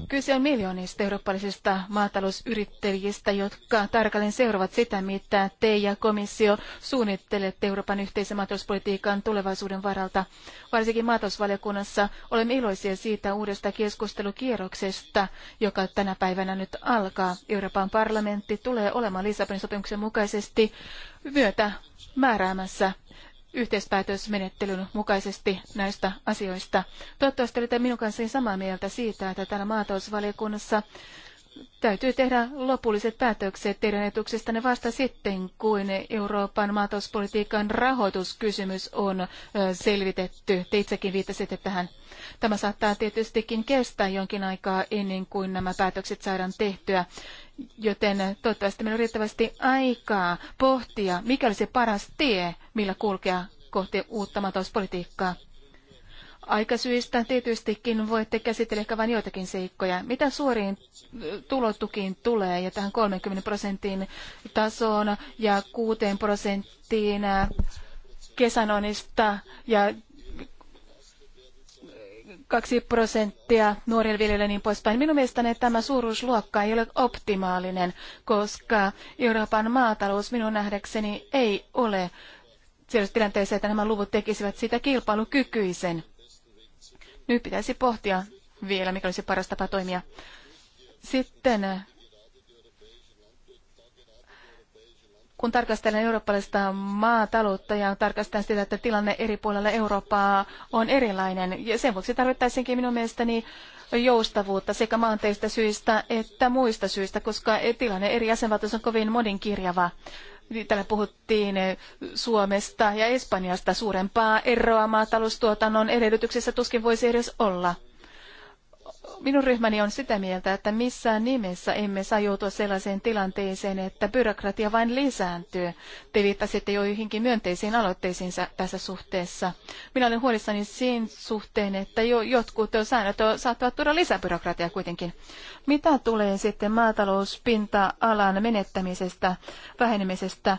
S3: Kyse on miljoonista eurooppalaisista maatalousyrittäjistä, jotka tarkalleen seuraavat sitä, mitä te ja komissio suunnittelette Euroopan yhteisen maatalouspolitiikan tulevaisuuden varalta. Varsinkin maatalousvaliokunnassa olemme iloisia siitä uudesta keskustelukierroksesta, joka tänä päivänä nyt alkaa. Euroopan parlamentti tulee olemaan Lissabonin sopimuksen mukaisesti myötä määräämässä yhteispäätösmenettelyn mukaisesti näistä asioista. Toivottavasti olette minun kanssani samaa mieltä siitä, että täällä maatalousvaliokunnassa täytyy tehdä lopulliset päätökset teidän etuksistanne vasta sitten, kun Euroopan maatalouspolitiikan rahoituskysymys on selvitetty. Te itsekin viittasitte tähän. Tämä saattaa tietystikin kestää jonkin aikaa ennen kuin nämä päätökset saadaan tehtyä joten toivottavasti meillä on riittävästi aikaa pohtia, mikä olisi paras tie, millä kulkea kohti uutta maatalouspolitiikkaa. Aikasyistä tietystikin voitte käsitellä ehkä vain joitakin seikkoja. Mitä suoriin tulotukiin tulee ja tähän 30 prosentin tasoon ja 6 prosenttiin kesänoista ja Kaksi prosenttia nuorille viljelijöille niin poispäin. Minun mielestäni tämä suuruusluokka ei ole optimaalinen, koska Euroopan maatalous minun nähdäkseni ei ole sellaisessa tilanteessa, että nämä luvut tekisivät sitä kilpailukykyisen. Nyt pitäisi pohtia vielä, mikä olisi paras tapa toimia. Sitten Kun tarkastellaan eurooppalaista maataloutta ja tarkastan sitä, että tilanne eri puolilla Eurooppaa on erilainen, ja sen vuoksi tarvittaisinkin minun mielestäni joustavuutta sekä maanteista syistä että muista syistä, koska tilanne eri jäsenvaltioissa on kovin moninkirjava. Täällä puhuttiin Suomesta ja Espanjasta. Suurempaa eroa maataloustuotannon edellytyksissä tuskin voisi edes olla. Minun ryhmäni on sitä mieltä, että missään nimessä emme saa joutua sellaiseen tilanteeseen, että byrokratia vain lisääntyy. Te viittasitte joihinkin myönteisiin aloitteisiinsa tässä suhteessa. Minä olen huolissani siinä suhteen, että jo jotkut säännöt saattavat tuoda lisäbyrokratiaa kuitenkin. Mitä tulee sitten maatalouspinta-alan menettämisestä, vähenemisestä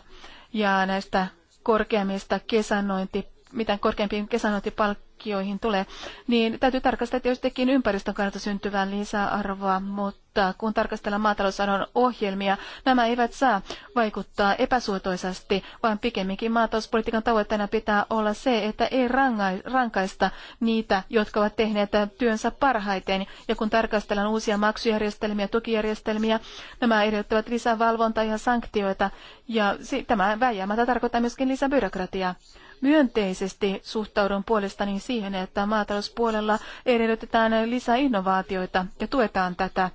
S3: ja näistä korkeammista kesänointi, mitä korkeampiin kesänointipalkkioihin, joihin tulee, niin täytyy tarkastella tietystikin ympäristön kannalta syntyvää lisäarvoa, mutta kun tarkastellaan maatalousalan ohjelmia, nämä eivät saa vaikuttaa epäsuotoisasti, vaan pikemminkin maatalouspolitiikan tavoitteena pitää olla se, että ei rankaista niitä, jotka ovat tehneet työnsä parhaiten. Ja kun tarkastellaan uusia maksujärjestelmiä, tukijärjestelmiä, nämä edellyttävät valvontaa ja sanktioita, ja tämä vääjäämättä tarkoittaa myöskin lisäbyrokratiaa. Myönteisesti suhtaudun puolestani siihen, että maatalouspuolella edellytetään lisää innovaatioita ja tuetaan tätä.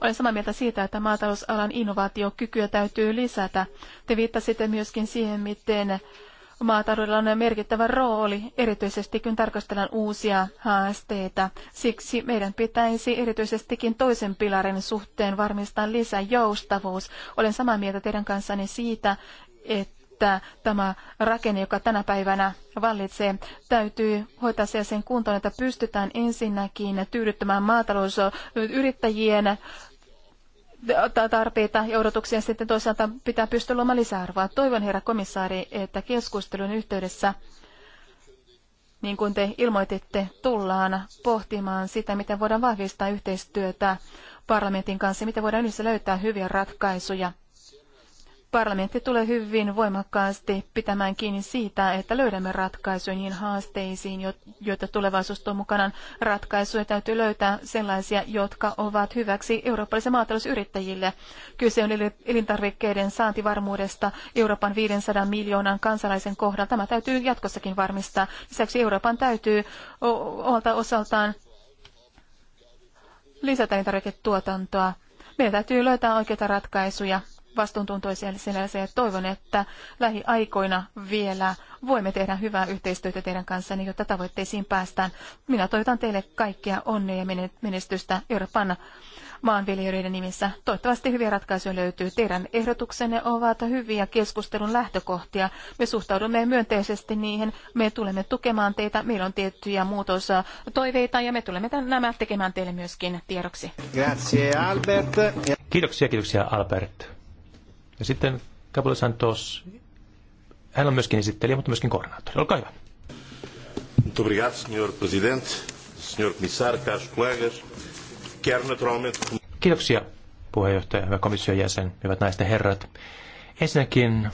S3: Olen samaa mieltä siitä, että maatalousalan innovaatiokykyä täytyy lisätä. Te viittasitte myöskin siihen, miten maataloudella on merkittävä rooli, erityisesti kun tarkastellaan uusia haasteita. Siksi meidän pitäisi erityisestikin toisen pilarin suhteen varmistaa lisää joustavuus. Olen samaa mieltä teidän kanssanne siitä, että että tämä rakenne, joka tänä päivänä vallitsee, täytyy hoitaa sellaisen kuntoon, että pystytään ensinnäkin tyydyttämään maatalousyrittäjien tarpeita ja odotuksia sitten toisaalta pitää pystyä luomaan lisäarvoa. Toivon, herra komissaari, että keskustelun yhteydessä, niin kuin te ilmoititte, tullaan pohtimaan sitä, miten voidaan vahvistaa yhteistyötä parlamentin kanssa, miten voidaan yhdessä löytää hyviä ratkaisuja Parlamentti tulee hyvin voimakkaasti pitämään kiinni siitä, että löydämme ratkaisuja niihin haasteisiin, joita tulevaisuus tuo mukanaan. Ratkaisuja täytyy löytää sellaisia, jotka ovat hyväksi eurooppalaisille maatalousyrittäjille. Kyse on elintarvikkeiden saantivarmuudesta Euroopan 500 miljoonan kansalaisen kohdalla. Tämä täytyy jatkossakin varmistaa. Lisäksi Euroopan täytyy olta osaltaan lisätä elintarviketuotantoa. Meidän täytyy löytää oikeita ratkaisuja vastuuntuntoiselle ja toivon, että lähiaikoina vielä voimme tehdä hyvää yhteistyötä teidän kanssanne, jotta tavoitteisiin päästään. Minä toivotan teille kaikkia onnea ja menestystä Euroopan maanviljelijöiden nimissä. Toivottavasti hyviä ratkaisuja löytyy. Teidän ehdotuksenne ovat hyviä keskustelun lähtökohtia. Me suhtaudumme myönteisesti niihin. Me tulemme tukemaan teitä. Meillä on tiettyjä muutostoiveita ja me tulemme nämä tekemään teille myöskin tiedoksi.
S1: Grazie Albert. Kiitoksia, kiitoksia Albert. Ja sitten Gabriel Santos, hän on myöskin esittelijä, mutta myöskin koordinaattori. Olkaa hyvä. obrigado, senhor presidente, senhor comissário, caros colegas. Quero naturalmente... Kiitoksia, puheenjohtaja, hyvä komission jäsen, hyvät naisten herrat. Ensinnäkin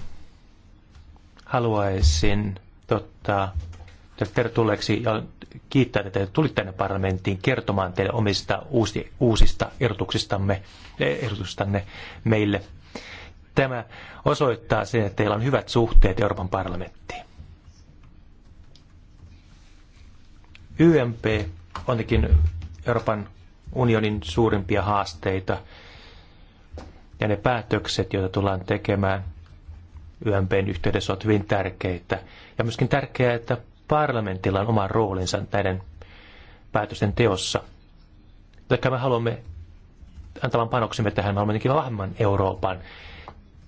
S1: haluaisin totta, tervetulleeksi ja kiittää, että tulitte tänne parlamenttiin kertomaan teille omista uusista ehdotuksistamme, meille tämä osoittaa sen, että teillä on hyvät suhteet Euroopan parlamenttiin. YMP on Euroopan unionin suurimpia haasteita ja ne päätökset, joita tullaan tekemään YMPn yhteydessä ovat hyvin tärkeitä. Ja myöskin tärkeää, että parlamentilla on oma roolinsa näiden päätösten teossa. Eli me haluamme antavan panoksemme tähän, me haluamme vahvemman Euroopan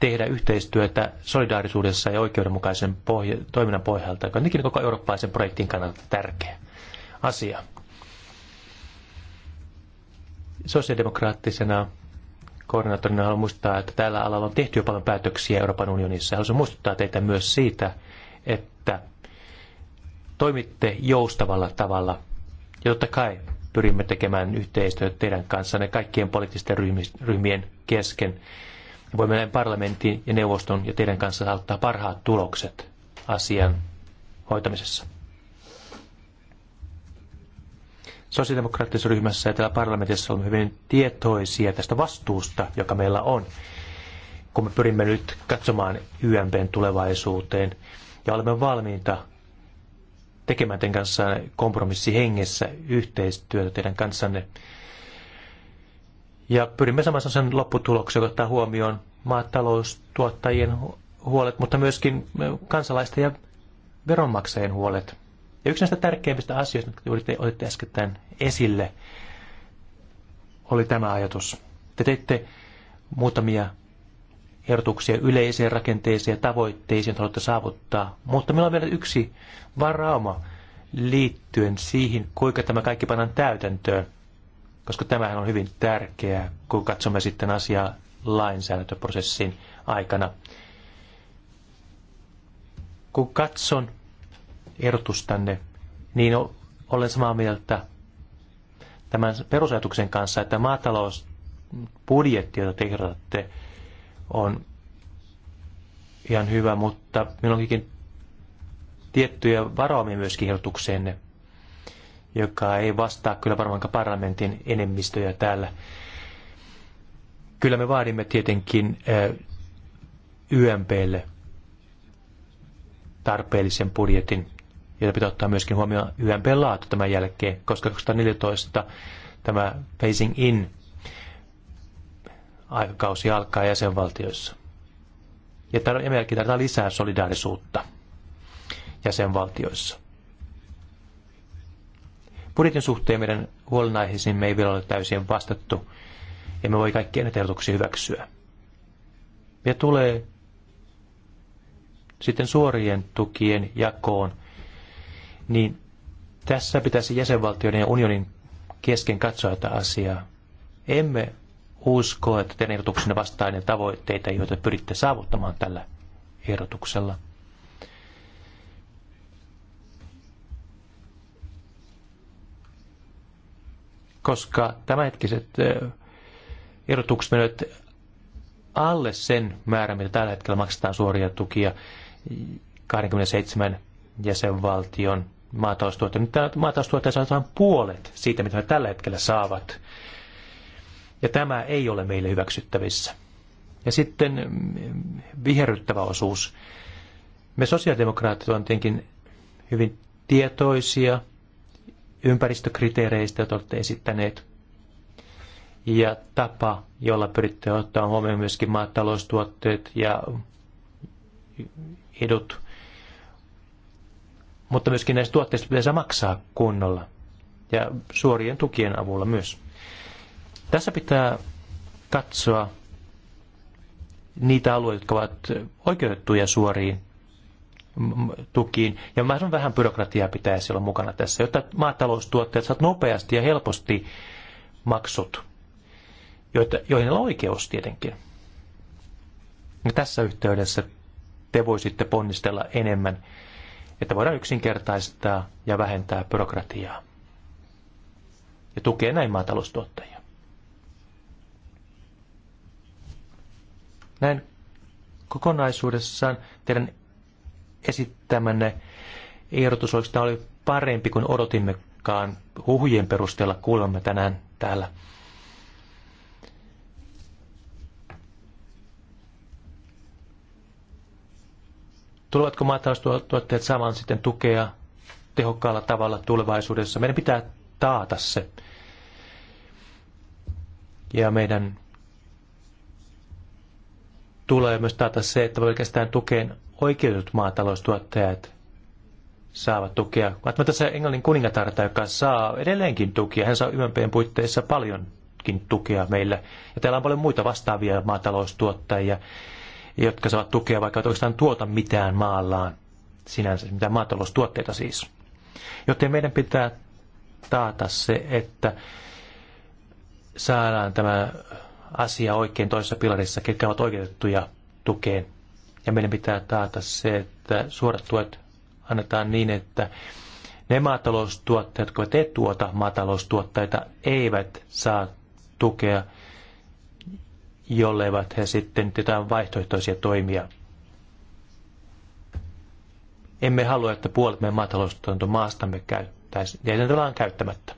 S1: tehdä yhteistyötä solidaarisuudessa ja oikeudenmukaisen pohja, toiminnan pohjalta, joka on nekin koko eurooppalaisen projektin kannalta tärkeä asia. Sosiaalidemokraattisena koordinaattorina haluan muistaa, että tällä alalla on tehty jo paljon päätöksiä Euroopan unionissa. Haluaisin muistuttaa teitä myös siitä, että toimitte joustavalla tavalla. Ja totta kai pyrimme tekemään yhteistyötä teidän kanssanne kaikkien poliittisten ryhmien kesken voimme parlamentin ja neuvoston ja teidän kanssa saattaa parhaat tulokset asian hoitamisessa. Sosiaalidemokraattisessa ryhmässä ja täällä parlamentissa olemme hyvin tietoisia tästä vastuusta, joka meillä on, kun me pyrimme nyt katsomaan YMPn tulevaisuuteen ja olemme valmiita tekemään teidän kanssa kompromissi hengessä yhteistyötä teidän kanssanne ja pyrimme samassa sen lopputuloksen, joka ottaa huomioon maataloustuottajien huolet, mutta myöskin kansalaisten ja veronmaksajien huolet. Ja yksi näistä tärkeimmistä asioista, jotka te otitte äskettäin esille, oli tämä ajatus. Te teitte muutamia ehdotuksia yleiseen rakenteeseen ja tavoitteisiin, joita haluatte saavuttaa. Mutta meillä on vielä yksi varauma liittyen siihen, kuinka tämä kaikki pannaan täytäntöön koska tämähän on hyvin tärkeää, kun katsomme sitten asiaa lainsäädäntöprosessin aikana. Kun katson erotustanne, niin olen samaa mieltä tämän perusajatuksen kanssa, että maatalousbudjetti, jota te ehdotatte, on ihan hyvä, mutta minulla onkin tiettyjä varoamia myöskin ehdotukseenne joka ei vastaa kyllä varmaankaan parlamentin enemmistöjä täällä. Kyllä me vaadimme tietenkin YMPlle tarpeellisen budjetin, jota pitää ottaa myöskin huomioon YMPn laatu tämän jälkeen, koska 2014 tämä Facing In aikakausi alkaa jäsenvaltioissa. Ja, tar- meilläkin tarvitaan lisää solidaarisuutta jäsenvaltioissa budjetin suhteen meidän huolenaiheisiin ei vielä ole täysin vastattu. me voi kaikkien näitä ehdotuksia hyväksyä. Ja tulee sitten suorien tukien jakoon, niin tässä pitäisi jäsenvaltioiden ja unionin kesken katsoa tätä asiaa. Emme usko, että teidän ehdotuksenne vastaa ne tavoitteita, joita pyritte saavuttamaan tällä ehdotuksella. koska tämänhetkiset erotukset menevät alle sen määrän, mitä tällä hetkellä maksetaan suoria tukia 27 jäsenvaltion maataloustuotteita. Nyt maataloustuotteet saavat vain puolet siitä, mitä he tällä hetkellä saavat. Ja tämä ei ole meille hyväksyttävissä. Ja sitten mm, viherryttävä osuus. Me sosiaalidemokraatit on tietenkin hyvin tietoisia ympäristökriteereistä, joita olette esittäneet, ja tapa, jolla pyritte ottamaan huomioon myöskin maataloustuotteet ja edut. Mutta myöskin näistä tuotteista pitäisi maksaa kunnolla ja suorien tukien avulla myös. Tässä pitää katsoa niitä alueita, jotka ovat oikeutettuja suoriin tukiin. Ja mä sanon vähän byrokratiaa pitäisi olla mukana tässä, jotta maataloustuotteet saat nopeasti ja helposti maksut, joita, joihin on oikeus tietenkin. Ja tässä yhteydessä te voisitte ponnistella enemmän, että voidaan yksinkertaistaa ja vähentää byrokratiaa ja tukee näin maataloustuottajia. Näin kokonaisuudessaan teidän esittämänne ehdotus tämä oli parempi kuin odotimmekaan huhujen perusteella kuulemme tänään täällä. Tulevatko maataloustuotteet saamaan sitten tukea tehokkaalla tavalla tulevaisuudessa? Meidän pitää taata se. Ja meidän tulee myös taata se, että voi pelkästään tukeen oikeutetut maataloustuottajat saavat tukea. Ajattelin tässä Englannin kuningatarta, joka saa edelleenkin tukia. Hän saa YMPn puitteissa paljonkin tukea meillä. Ja täällä on paljon muita vastaavia maataloustuottajia, jotka saavat tukea, vaikka oikeastaan tuota mitään maallaan sinänsä, mitään maataloustuotteita siis. Joten meidän pitää taata se, että saadaan tämä asia oikein toisessa pilarissa, ketkä ovat oikeutettuja tukeen ja meidän pitää taata se, että suorat tuet annetaan niin, että ne maataloustuottajat, jotka eivät tuota maataloustuottajita, eivät saa tukea, jolleivät he sitten jotain vaihtoehtoisia toimia. Emme halua, että puolet meidän maataloustuotanto maastamme käyttäisi, jätetään käyttämättä.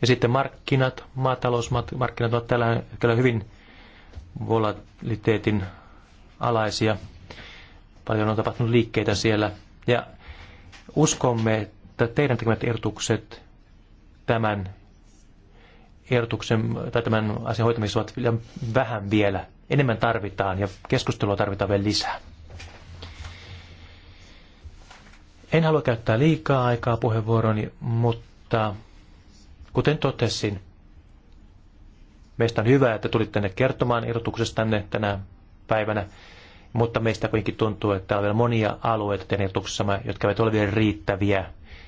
S1: Ja sitten markkinat, maatalousmarkkinat ovat tällä hetkellä hyvin volatiliteetin alaisia. Paljon on tapahtunut liikkeitä siellä. Ja uskomme, että teidän tekemät ehdotukset tämän ehdotuksen tai tämän asian hoitamiseksi ovat vähän vielä. Enemmän tarvitaan ja keskustelua tarvitaan vielä lisää. En halua käyttää liikaa aikaa puheenvuoroni, mutta kuten totesin, meistä on hyvä, että tulit tänne kertomaan ehdotuksestanne tänä päivänä, mutta meistä kuitenkin tuntuu, että on vielä monia alueita tehneetuksessamme, jotka eivät ole vielä riittäviä,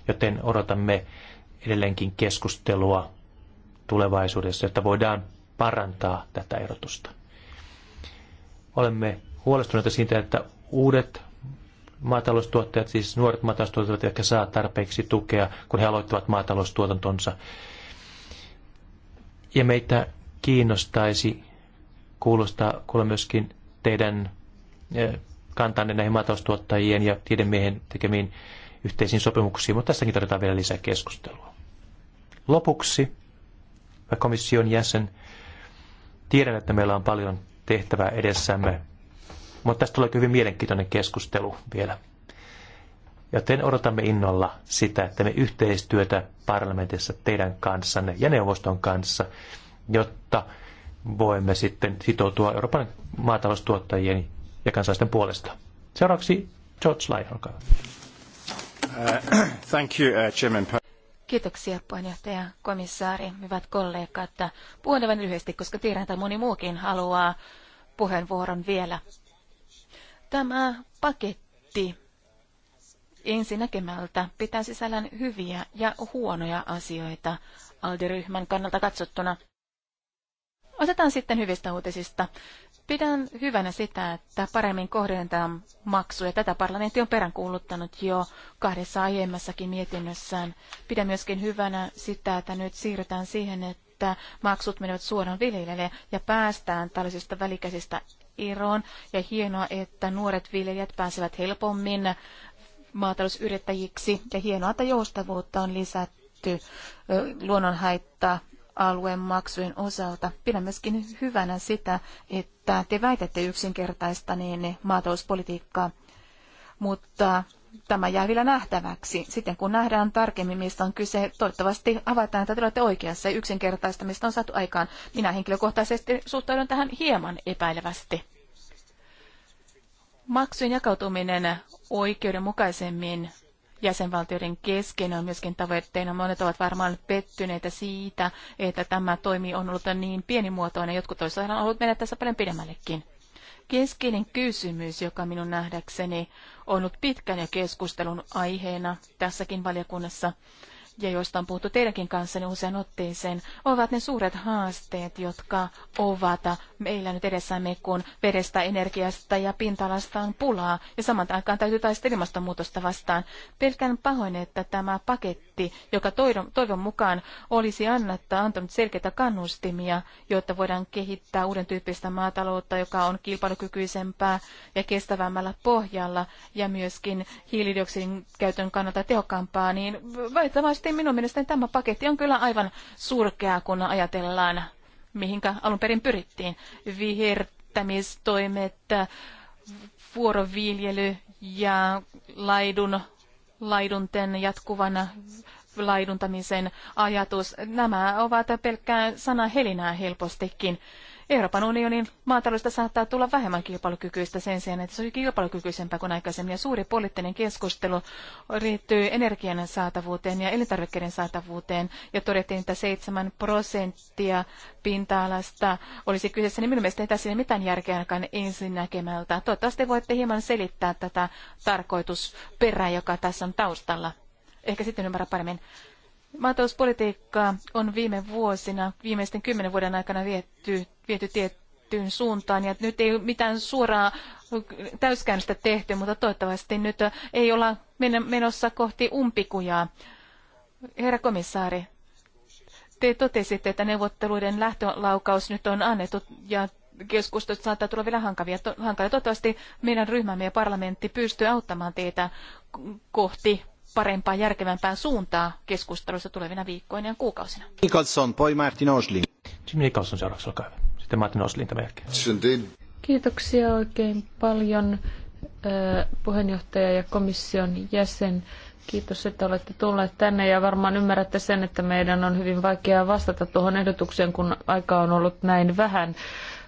S1: joten odotamme edelleenkin keskustelua tulevaisuudessa, jotta voidaan parantaa tätä erotusta. Olemme huolestuneita siitä, että uudet maataloustuottajat, siis nuoret maataloustuottajat, jotka saa tarpeeksi tukea, kun he aloittavat maataloustuotantonsa. Ja meitä kiinnostaisi kuulostaa kuulla myöskin teidän eh, kantanne näihin maataloustuottajien ja tiedemiehen tekemiin yhteisiin sopimuksiin, mutta tästäkin tarvitaan vielä lisää keskustelua. Lopuksi, komission jäsen, tiedän, että meillä on paljon tehtävää edessämme, mutta tästä tulee hyvin mielenkiintoinen keskustelu vielä. Joten odotamme innolla sitä, että me yhteistyötä parlamentissa teidän kanssanne ja neuvoston kanssa, jotta voimme sitten sitoutua Euroopan maataloustuottajien ja kansalaisten puolesta. Seuraavaksi George Lai, olkaa uh, <clears throat> thank you, uh, Chairman.
S3: Kiitoksia puheenjohtaja, komissaari, hyvät kollegat. Puhun vain lyhyesti, koska tiedän, että moni muukin haluaa puheenvuoron vielä. Tämä paketti ensinäkemältä pitää sisällään hyviä ja huonoja asioita alderyhmän kannalta katsottuna. Otetaan sitten hyvistä uutisista. Pidän hyvänä sitä, että paremmin kohdennetaan maksuja. Tätä parlamentti on peräänkuuluttanut jo kahdessa aiemmassakin mietinnössään. Pidän myöskin hyvänä sitä, että nyt siirrytään siihen, että maksut menevät suoraan viljelijälle ja päästään tällaisista välikäsistä eroon. Ja hienoa, että nuoret viljelijät pääsevät helpommin maatalousyrittäjiksi. Ja hienoa, että joustavuutta on lisätty luonnonhaittaa alueen maksujen osalta. Pidän myöskin hyvänä sitä, että te väitätte yksinkertaista niin maatalouspolitiikkaa, mutta tämä jää vielä nähtäväksi. Sitten kun nähdään tarkemmin, mistä on kyse, toivottavasti avataan, että te olette oikeassa ja yksinkertaista, mistä on saatu aikaan. Minä henkilökohtaisesti suhtaudun tähän hieman epäilevästi. Maksujen jakautuminen oikeudenmukaisemmin jäsenvaltioiden kesken on myöskin tavoitteena. Monet ovat varmaan pettyneitä siitä, että tämä toimi on ollut niin pienimuotoinen. Jotkut toisaalta on ollut mennä tässä paljon pidemmällekin. Keskeinen kysymys, joka minun nähdäkseni on ollut pitkän ja keskustelun aiheena tässäkin valiokunnassa, ja joista on puhuttu teidänkin kanssanne niin usein otteeseen, ovat ne suuret haasteet, jotka ovat meillä nyt edessämme, kun vedestä, energiasta ja pinta-alasta on pulaa, ja saman aikaan täytyy taistella ilmastonmuutosta vastaan. Pelkään pahoin, että tämä paketti paketti, joka toivon mukaan olisi annatta, antanut selkeitä kannustimia, jotta voidaan kehittää uuden tyyppistä maataloutta, joka on kilpailukykyisempää ja kestävämmällä pohjalla ja myöskin hiilidioksidin käytön kannalta tehokkaampaa, niin valitettavasti minun mielestäni tämä paketti on kyllä aivan surkea, kun ajatellaan, mihinkä alun perin pyrittiin. Vihertämistoimet, vuoroviljely ja laidun laidunten jatkuvan laiduntamisen ajatus. Nämä ovat pelkkää sanahelinää helpostikin. Euroopan unionin maataloudesta saattaa tulla vähemmän kilpailukykyistä sen sijaan, että se on kilpailukykyisempää kuin aikaisemmin. Ja suuri poliittinen keskustelu liittyy energian saatavuuteen ja elintarvikkeiden saatavuuteen. Ja todettiin, että 7 prosenttia pinta-alasta olisi kyseessä, niin minun mielestäni tässä ei mitään järkeä ainakaan ensin näkemältä. Toivottavasti voitte hieman selittää tätä tarkoitusperää, joka tässä on taustalla. Ehkä sitten ymmärrä paremmin. Maatalouspolitiikkaa on viime vuosina, viimeisten kymmenen vuoden aikana viety, viety tiettyyn suuntaan, ja nyt ei mitään suoraa täyskäännöstä tehty, mutta toivottavasti nyt ei olla menossa kohti umpikujaa. Herra komissaari, te totesitte, että neuvotteluiden lähtölaukaus nyt on annettu ja keskustelut saattaa tulla vielä hankalia. hankalia. Toivottavasti meidän ryhmämme ja parlamentti pystyy auttamaan teitä kohti parempaa, järkevämpään suuntaa keskustelussa tulevina
S2: viikkoina ja kuukausina.
S1: Nicholson, poi Martin Osling. Jim Nicholson seuraavaksi, olkaa hyvä. Sitten Martin Osling tämän jälkeen.
S2: Kiitoksia oikein paljon puheenjohtaja ja komission jäsen. Kiitos, että olette tulleet tänne ja varmaan ymmärrätte sen, että meidän on hyvin vaikeaa vastata tuohon ehdotukseen, kun aika on ollut näin vähän.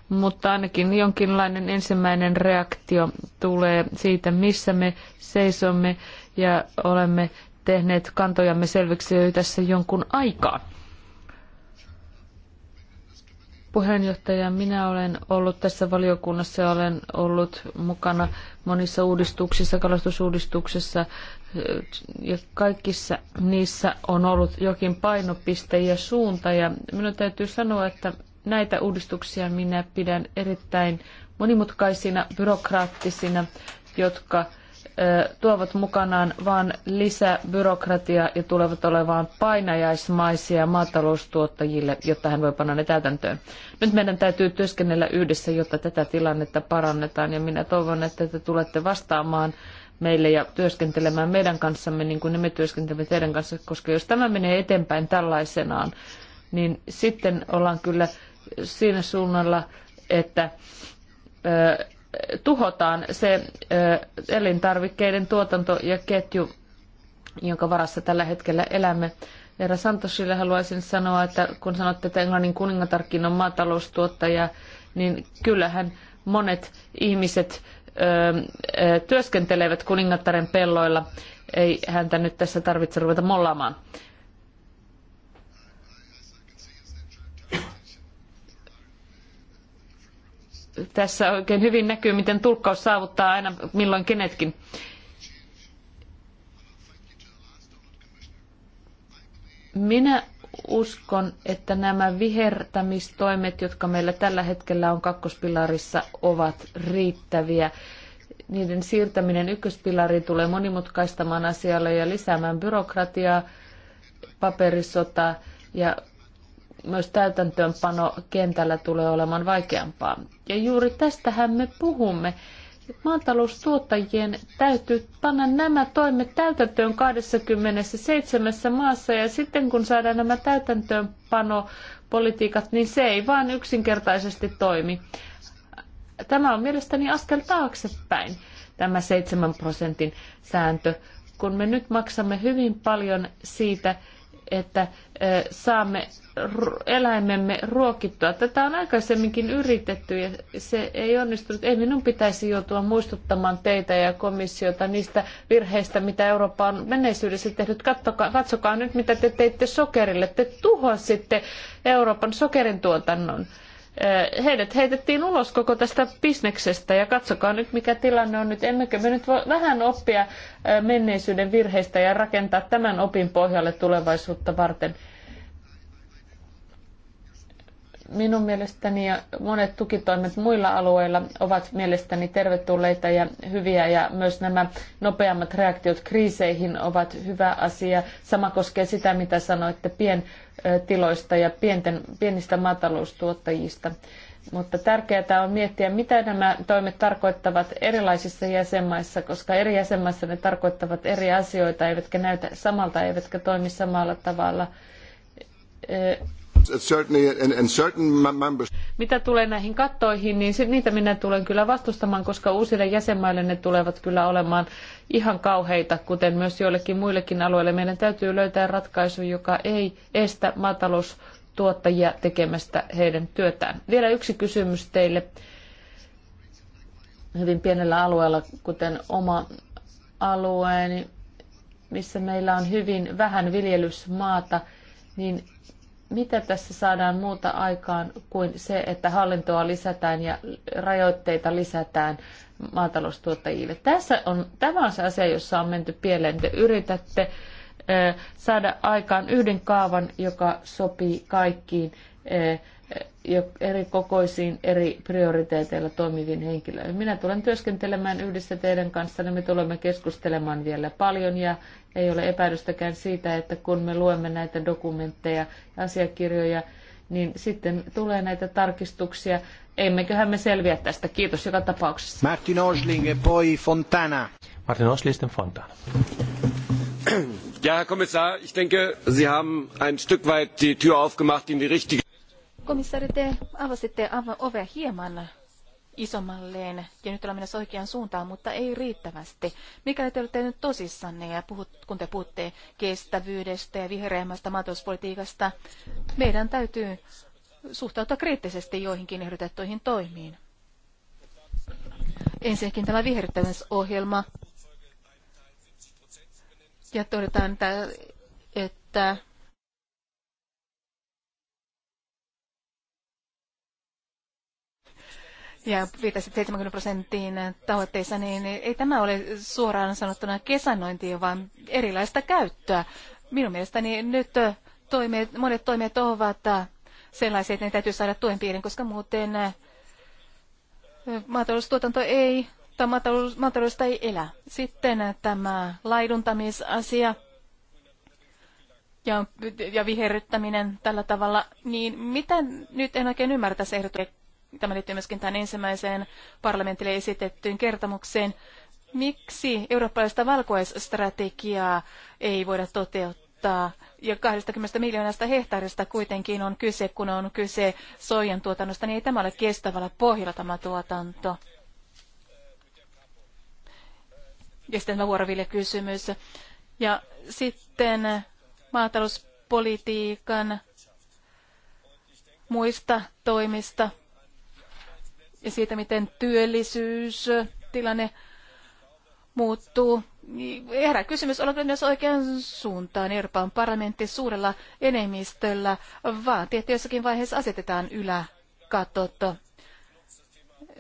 S2: Mutta ainakin jonkinlainen ensimmäinen reaktio tulee siitä, missä me seisomme ja olemme tehneet kantojamme selväksi jo tässä jonkun aikaa. Puheenjohtaja, minä olen ollut tässä valiokunnassa ja olen ollut mukana monissa uudistuksissa, kalastusuudistuksessa ja kaikissa niissä on ollut jokin painopiste ja suunta ja minun täytyy sanoa, että näitä uudistuksia minä pidän erittäin monimutkaisina, byrokraattisina, jotka tuovat mukanaan vain lisäbyrokratiaa ja tulevat olemaan painajaismaisia maataloustuottajille, jotta hän voi panna ne täytäntöön. Nyt meidän täytyy työskennellä yhdessä, jotta tätä tilannetta parannetaan ja minä toivon, että te tulette vastaamaan meille ja työskentelemään meidän kanssamme niin kuin me työskentelemme teidän kanssa, koska jos tämä menee eteenpäin tällaisenaan, niin sitten ollaan kyllä siinä suunnalla, että tuhotaan se elintarvikkeiden tuotanto ja ketju, jonka varassa tällä hetkellä elämme. Herra Santosille haluaisin sanoa, että kun sanotte, että Englannin kuningatarkin on maataloustuottaja, niin kyllähän monet ihmiset työskentelevät kuningattaren pelloilla. Ei häntä nyt tässä tarvitse ruveta mollaamaan. tässä oikein hyvin näkyy, miten tulkkaus saavuttaa aina milloin kenetkin. Minä uskon, että nämä vihertämistoimet, jotka meillä tällä hetkellä on kakkospilarissa, ovat riittäviä. Niiden siirtäminen ykköspilariin tulee monimutkaistamaan asialle ja lisäämään byrokratiaa, paperisota ja myös täytäntöönpano kentällä tulee olemaan vaikeampaa. Ja juuri tästähän me puhumme. Maataloustuottajien täytyy panna nämä toimet täytäntöön 27 maassa ja sitten kun saadaan nämä täytäntöönpanopolitiikat, niin se ei vaan yksinkertaisesti toimi. Tämä on mielestäni askel taaksepäin, tämä 7 prosentin sääntö, kun me nyt maksamme hyvin paljon siitä, että saamme eläimemme ruokittua. Tätä on aikaisemminkin yritetty ja se ei onnistunut. Ei minun pitäisi joutua muistuttamaan teitä ja komissiota niistä virheistä, mitä Eurooppa on menneisyydessä tehnyt. Katsokaa, katsokaa nyt, mitä te teitte sokerille. Te tuhositte Euroopan sokerin tuotannon heidät heitettiin ulos koko tästä bisneksestä ja katsokaa nyt mikä tilanne on nyt. Emmekö me nyt voi vähän oppia menneisyyden virheistä ja rakentaa tämän opin pohjalle tulevaisuutta varten minun mielestäni ja monet tukitoimet muilla alueilla ovat mielestäni tervetulleita ja hyviä ja myös nämä nopeammat reaktiot kriiseihin ovat hyvä asia. Sama koskee sitä, mitä sanoitte pientiloista ja pienten, pienistä maataloustuottajista. Mutta tärkeää on miettiä, mitä nämä toimet tarkoittavat erilaisissa jäsenmaissa, koska eri jäsenmaissa ne tarkoittavat eri asioita, eivätkä näytä samalta, eivätkä toimi samalla tavalla mitä tulee näihin kattoihin, niin niitä minä tulen kyllä vastustamaan, koska uusille jäsenmaille ne tulevat kyllä olemaan ihan kauheita, kuten myös joillekin muillekin alueille. Meidän täytyy löytää ratkaisu, joka ei estä maataloustuottajia tekemästä heidän työtään. Vielä yksi kysymys teille hyvin pienellä alueella, kuten oma alueeni, missä meillä on hyvin vähän viljelysmaata, niin mitä tässä saadaan muuta aikaan kuin se, että hallintoa lisätään ja rajoitteita lisätään maataloustuottajille. Tässä on, tämä on se asia, jossa on menty pieleen. Te yritätte saada aikaan yhden kaavan, joka sopii kaikkiin eri kokoisiin, eri prioriteeteilla toimiviin henkilöihin. Minä tulen työskentelemään yhdessä teidän kanssa, niin me tulemme keskustelemaan vielä paljon ja ei ole epäilystäkään siitä, että kun me luemme näitä dokumentteja ja asiakirjoja, niin sitten tulee näitä tarkistuksia. Emmeköhän me selviä tästä. Kiitos joka tapauksessa.
S1: Martin Osling ja poi Fontana. Martin Osling ja Fontana.
S3: Ja, Herr Kommissar, ich denke, Sie haben
S1: ein Stück weit die Tür aufgemacht in die richtige
S3: Komissaari, te avasitte ovea hieman isommalleen ja nyt ollaan menossa oikeaan suuntaan, mutta ei riittävästi. Mikäli te olette nyt tosissanne ja puhut, kun te puhutte kestävyydestä ja vihreämmästä maatalouspolitiikasta, meidän täytyy suhtautua kriittisesti joihinkin ehdotettuihin toimiin. Ensinnäkin tämä viherryttämisohjelma. Ja todetaan, että ja viitasi 70 prosenttiin tavoitteissa, niin ei tämä ole suoraan sanottuna kesänointia, vaan erilaista käyttöä. Minun mielestäni nyt toimeet, monet toimet ovat sellaisia, että ne täytyy saada tuen piirin, koska muuten äh, maataloustuotanto ei, tai maatalous, maataloudesta ei elä. Sitten äh, tämä laiduntamisasia ja, ja viherryttäminen tällä tavalla, niin mitä nyt en oikein ymmärrä tässä ehdotuksessa? tämä liittyy myöskin tähän ensimmäiseen parlamentille esitettyyn kertomukseen. Miksi eurooppalaista valkoisstrategiaa ei voida toteuttaa? Ja 20 miljoonasta hehtaarista kuitenkin on kyse, kun on kyse soijan tuotannosta, niin ei tämä ole kestävällä pohjalla tämä tuotanto. Ja sitten tämä kysymys. Ja sitten maatalouspolitiikan muista toimista ja siitä, miten työllisyystilanne muuttuu. Herää kysymys, ollaanko myös oikean suuntaan Euroopan parlamentti suurella enemmistöllä vaan tietysti jossakin vaiheessa asetetaan yläkatot.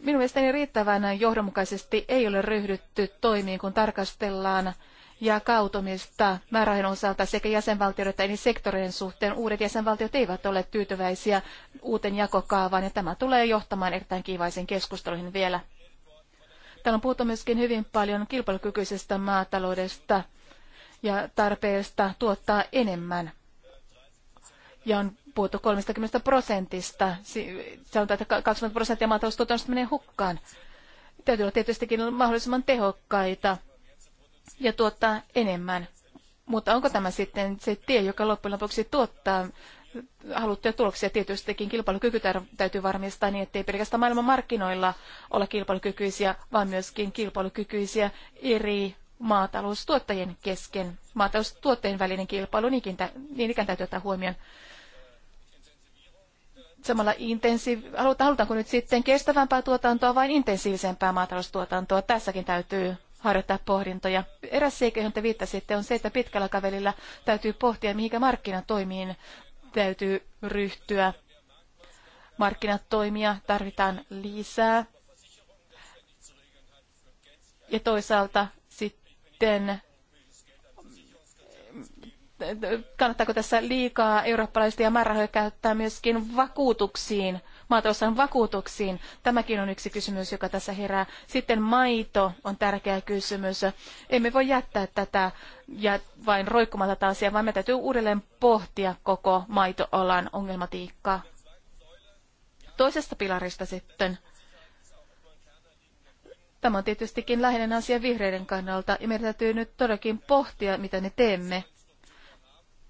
S3: Minun mielestäni riittävän johdonmukaisesti ei ole ryhdytty toimiin, kun tarkastellaan jakautumista määrärahojen osalta sekä jäsenvaltioiden että eri sektoreiden suhteen. Uudet jäsenvaltiot eivät ole tyytyväisiä uuteen jakokaavaan ja tämä tulee johtamaan erittäin kiivaisiin keskusteluihin vielä. Täällä on puhuttu myöskin hyvin paljon kilpailukykyisestä maataloudesta ja tarpeesta tuottaa enemmän. Ja on puhuttu 30 prosentista. Sanotaan, että 20 prosenttia maataloustuotannosta menee hukkaan. Täytyy olla tietystikin mahdollisimman tehokkaita ja tuottaa enemmän. Mutta onko tämä sitten se tie, joka loppujen lopuksi tuottaa haluttuja tuloksia? Tietystikin kilpailukyky täytyy varmistaa niin, ettei pelkästään maailman markkinoilla olla kilpailukykyisiä, vaan myöskin kilpailukykyisiä eri maataloustuottajien kesken. Maataloustuottajien välinen kilpailu niinkin tä, niin ikään täytyy ottaa huomioon. Samalla intensiiv... halutaanko nyt sitten kestävämpää tuotantoa vai intensiivisempää maataloustuotantoa? Tässäkin täytyy harjoittaa pohdintoja. Eräs seikka, johon te viittasitte, on se, että pitkällä kävelillä täytyy pohtia, mihinkä markkinatoimiin täytyy ryhtyä. Markkinatoimia tarvitaan lisää. Ja toisaalta sitten kannattaako tässä liikaa eurooppalaisia määrärahoja käyttää myöskin vakuutuksiin – maatalousalan vakuutuksiin. Tämäkin on yksi kysymys, joka tässä herää. Sitten maito on tärkeä kysymys. Emme voi jättää tätä ja vain roikkumaan tätä asiaa, vaan me täytyy uudelleen pohtia koko maitoalan ongelmatiikkaa. Toisesta pilarista sitten. Tämä on tietystikin läheinen asia vihreiden kannalta, ja meidän täytyy nyt todellakin pohtia, mitä me teemme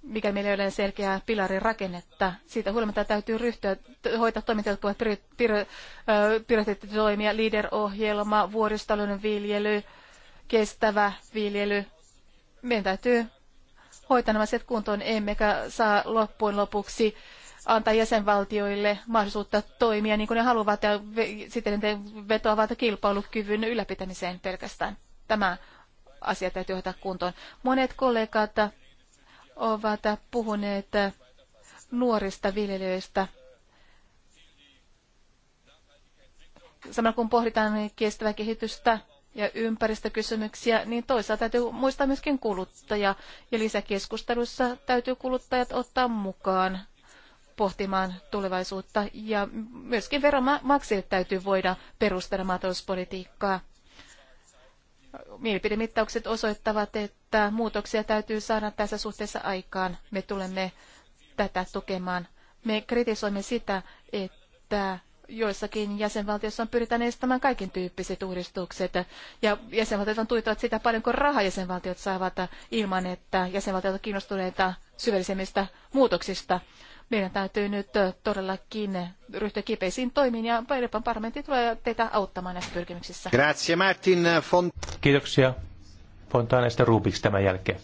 S3: mikä meillä ei ole selkeää pilarirakennetta. Siitä huolimatta täytyy ryhtyä hoitaa toimintaa, jotka ovat prioriteettitoimia, leader-ohjelma, vuoristalouden viljely, kestävä viljely. Meidän täytyy hoitaa nämä asiat kuntoon, emmekä saa loppujen lopuksi antaa jäsenvaltioille mahdollisuutta toimia niin kuin ne haluavat ja sitten ne vetoavat kilpailukyvyn ylläpitämiseen pelkästään. Tämä asia täytyy hoitaa kuntoon. Monet kollegat ovat puhuneet nuorista viljelijöistä. Samalla kun pohditaan kestävää kehitystä ja ympäristökysymyksiä, niin toisaalta täytyy muistaa myöskin kuluttaja. Ja lisäkeskustelussa täytyy kuluttajat ottaa mukaan pohtimaan tulevaisuutta. Ja myöskin veronmaksajille täytyy voida perustella maatalouspolitiikkaa. Mielipidemittaukset osoittavat, että muutoksia täytyy saada tässä suhteessa aikaan. Me tulemme tätä tukemaan. Me kritisoimme sitä, että joissakin jäsenvaltioissa on pyritään estämään kaiken tyyppiset uudistukset. Ja jäsenvaltiot on tuitavat sitä, paljonko rahaa jäsenvaltiot saavat ilman, että jäsenvaltiot ovat kiinnostuneita syvällisemmistä muutoksista. Meidän täytyy nyt todellakin ryhtyä kipeisiin toimiin ja Euroopan parlamentti tulee teitä auttamaan näissä pyrkimyksissä.
S1: Grazie Martin Font. Kiitoksia Fontaanesta Rubiksi tämän jälkeen.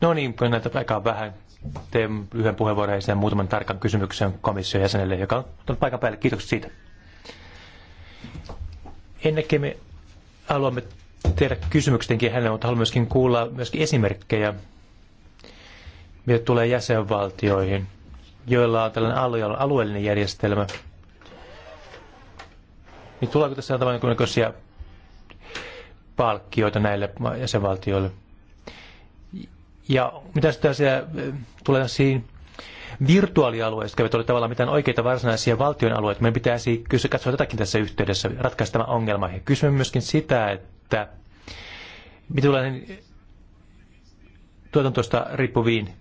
S1: No niin, kun näitä aikaa vähän. Teen yhden puheenvuoron ja muutaman tarkan kysymyksen komission jäsenelle, joka on tullut paikan päälle. Kiitoksia siitä. Ennenkin me haluamme tehdä kysymyksetkin hänelle, mutta haluan myöskin kuulla myöskin esimerkkejä mitä tulee jäsenvaltioihin, joilla on tällainen alueellinen järjestelmä. Niin tuleeko tässä jotain näköisiä palkkioita näille jäsenvaltioille? Ja mitä sitten asia eh, tulee siihen virtuaalialueista, eivät olivat tavallaan mitään oikeita varsinaisia valtion alueita. Meidän pitäisi kysyä, katsoa tätäkin tässä yhteydessä, ratkaista tämä ongelma. Ja kysymme myöskin sitä, että mitä tulee tuotantoista riippuviin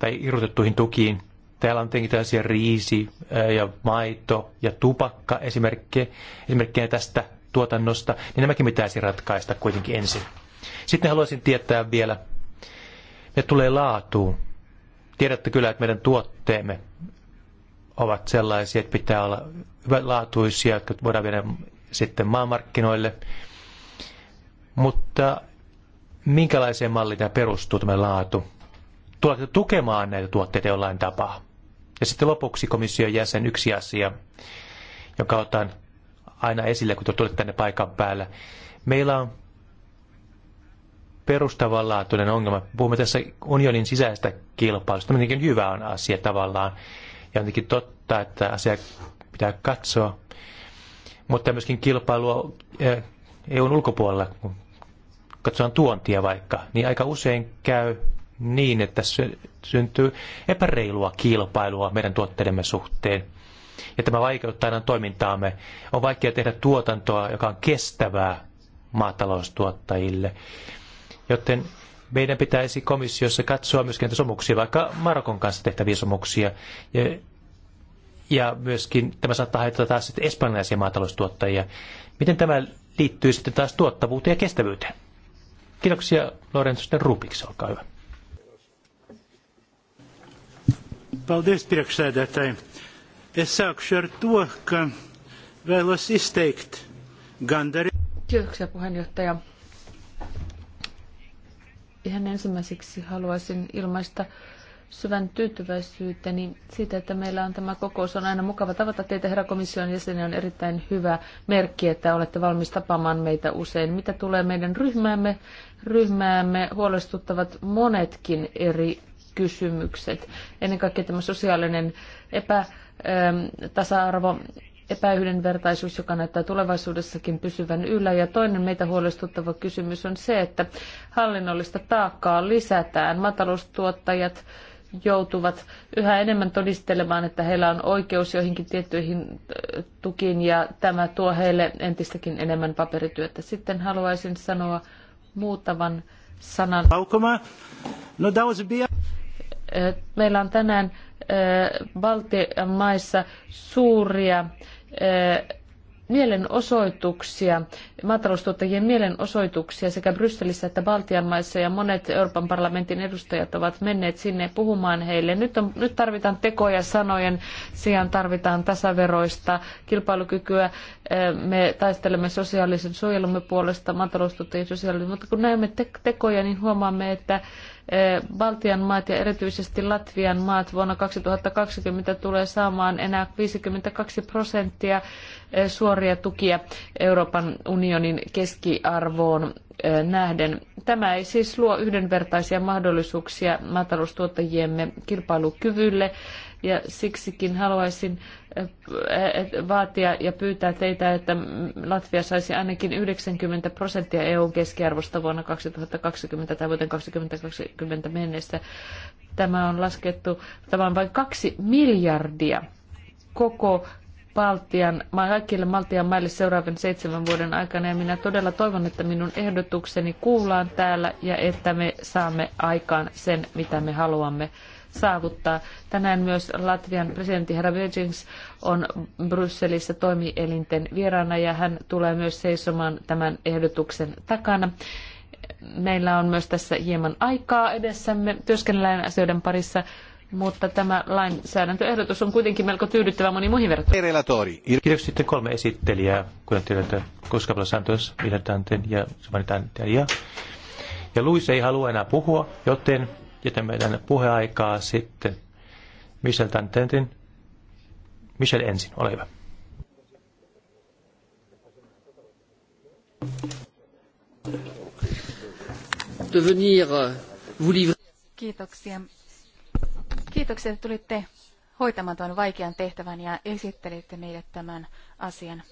S1: tai irrotettuihin tukiin. Täällä on tietenkin tällaisia riisi ja maito ja tupakka esimerkkejä, esimerkkejä tästä tuotannosta, niin nämäkin pitäisi ratkaista kuitenkin ensin. Sitten haluaisin tietää vielä, ne tulee laatuun. Tiedätte kyllä, että meidän tuotteemme ovat sellaisia, että pitää olla laatuisia, jotka voidaan viedä sitten maamarkkinoille. Mutta minkälaiseen malliin tämä perustuu, tämä laatu? tulette tukemaan näitä tuotteita jollain tapaa? Ja sitten lopuksi komission jäsen yksi asia, joka otan aina esille, kun tulet tänne paikan päällä. Meillä on perustavanlaatuinen ongelma. Puhumme tässä unionin sisäistä kilpailusta. Tämä hyvä on asia tavallaan. Ja on tietenkin totta, että asia pitää katsoa. Mutta myöskin kilpailua eh, EUn ulkopuolella, kun katsotaan tuontia vaikka, niin aika usein käy niin, että syntyy epäreilua kilpailua meidän tuotteidemme suhteen. Ja tämä vaikeuttaa aina toimintaamme. On vaikea tehdä tuotantoa, joka on kestävää maataloustuottajille. Joten meidän pitäisi komissiossa katsoa myöskin näitä somuksia, vaikka Marokon kanssa tehtäviä somuksia. Ja, ja myöskin tämä saattaa haittaa taas sitten espanjalaisia maataloustuottajia. Miten tämä liittyy sitten taas tuottavuuteen ja kestävyyteen? Kiitoksia Lorenzo Rubiks, olkaa hyvä. Paldies, priekšsēdētāji. Es sākušu ar to, ka vēlos izteikt gandarījumu.
S2: Kiitoksia Ihan ensimmäiseksi haluaisin ilmaista syvän tyytyväisyyteni siitä, että meillä on tämä kokous. On aina mukava tavata teitä, herra komission jäseniä. On erittäin hyvä merkki, että olette valmis tapaamaan meitä usein. Mitä tulee meidän ryhmäämme? Ryhmäämme huolestuttavat monetkin eri kysymykset. Ennen kaikkea tämä sosiaalinen epätasa-arvo, ähm, epäyhdenvertaisuus, joka näyttää tulevaisuudessakin pysyvän yllä. Ja toinen meitä huolestuttava kysymys on se, että hallinnollista taakkaa lisätään. Matalustuottajat joutuvat yhä enemmän todistelemaan, että heillä on oikeus joihinkin tiettyihin äh, tukiin ja tämä tuo heille entistäkin enemmän paperityötä. Sitten haluaisin sanoa muutaman sanan. No, that was a beer. Meillä on tänään Baltian maissa suuria mielenosoituksia, maataloustuottajien mielenosoituksia sekä Brysselissä että Baltian maissa ja monet Euroopan parlamentin edustajat ovat menneet sinne puhumaan heille. Nyt, on, nyt tarvitaan tekoja sanojen sijaan, tarvitaan tasaveroista, kilpailukykyä. Me taistelemme sosiaalisen suojelumme puolesta, maataloustuottajien sosiaalisen, mutta kun näemme te- tekoja, niin huomaamme, että Baltian maat ja erityisesti Latvian maat vuonna 2020 tulee saamaan enää 52 prosenttia eh, suoria tukia Euroopan unionin keskiarvoon eh, nähden. Tämä ei siis luo yhdenvertaisia mahdollisuuksia maataloustuottajiemme kilpailukyvylle ja siksikin haluaisin vaatia ja pyytää teitä, että Latvia saisi ainakin 90 prosenttia EUn keskiarvosta vuonna 2020 tai vuoteen 2020 mennessä. Tämä on laskettu, tämä on vain kaksi miljardia koko Baltian, kaikille Maltian maille seuraavan seitsemän vuoden aikana ja minä todella toivon, että minun ehdotukseni kuullaan täällä ja että me saamme aikaan sen, mitä me haluamme saavuttaa. Tänään myös Latvian presidentti herra Virgins on Brysselissä toimielinten vieraana ja hän tulee myös seisomaan tämän ehdotuksen takana. Meillä on myös tässä hieman aikaa edessämme työskennellään asioiden parissa mutta tämä lainsäädäntöehdotus on kuitenkin melko tyydyttävä moni muihin verrattuna.
S1: Relatori. sitten kolme esittelijää, kuten tiedätte, Koskapla Santos, Villadanten ja Samaritan ja. Ja Luis ei halua enää puhua, joten jätä meidän puheaikaa sitten Michel Tantentin. Michel ensin, ole hyvä.
S2: Euh,
S3: Kiitoksia. Kiitoksia, että tulitte hoitamaan tuon vaikean tehtävän ja esittelitte meille tämän asian.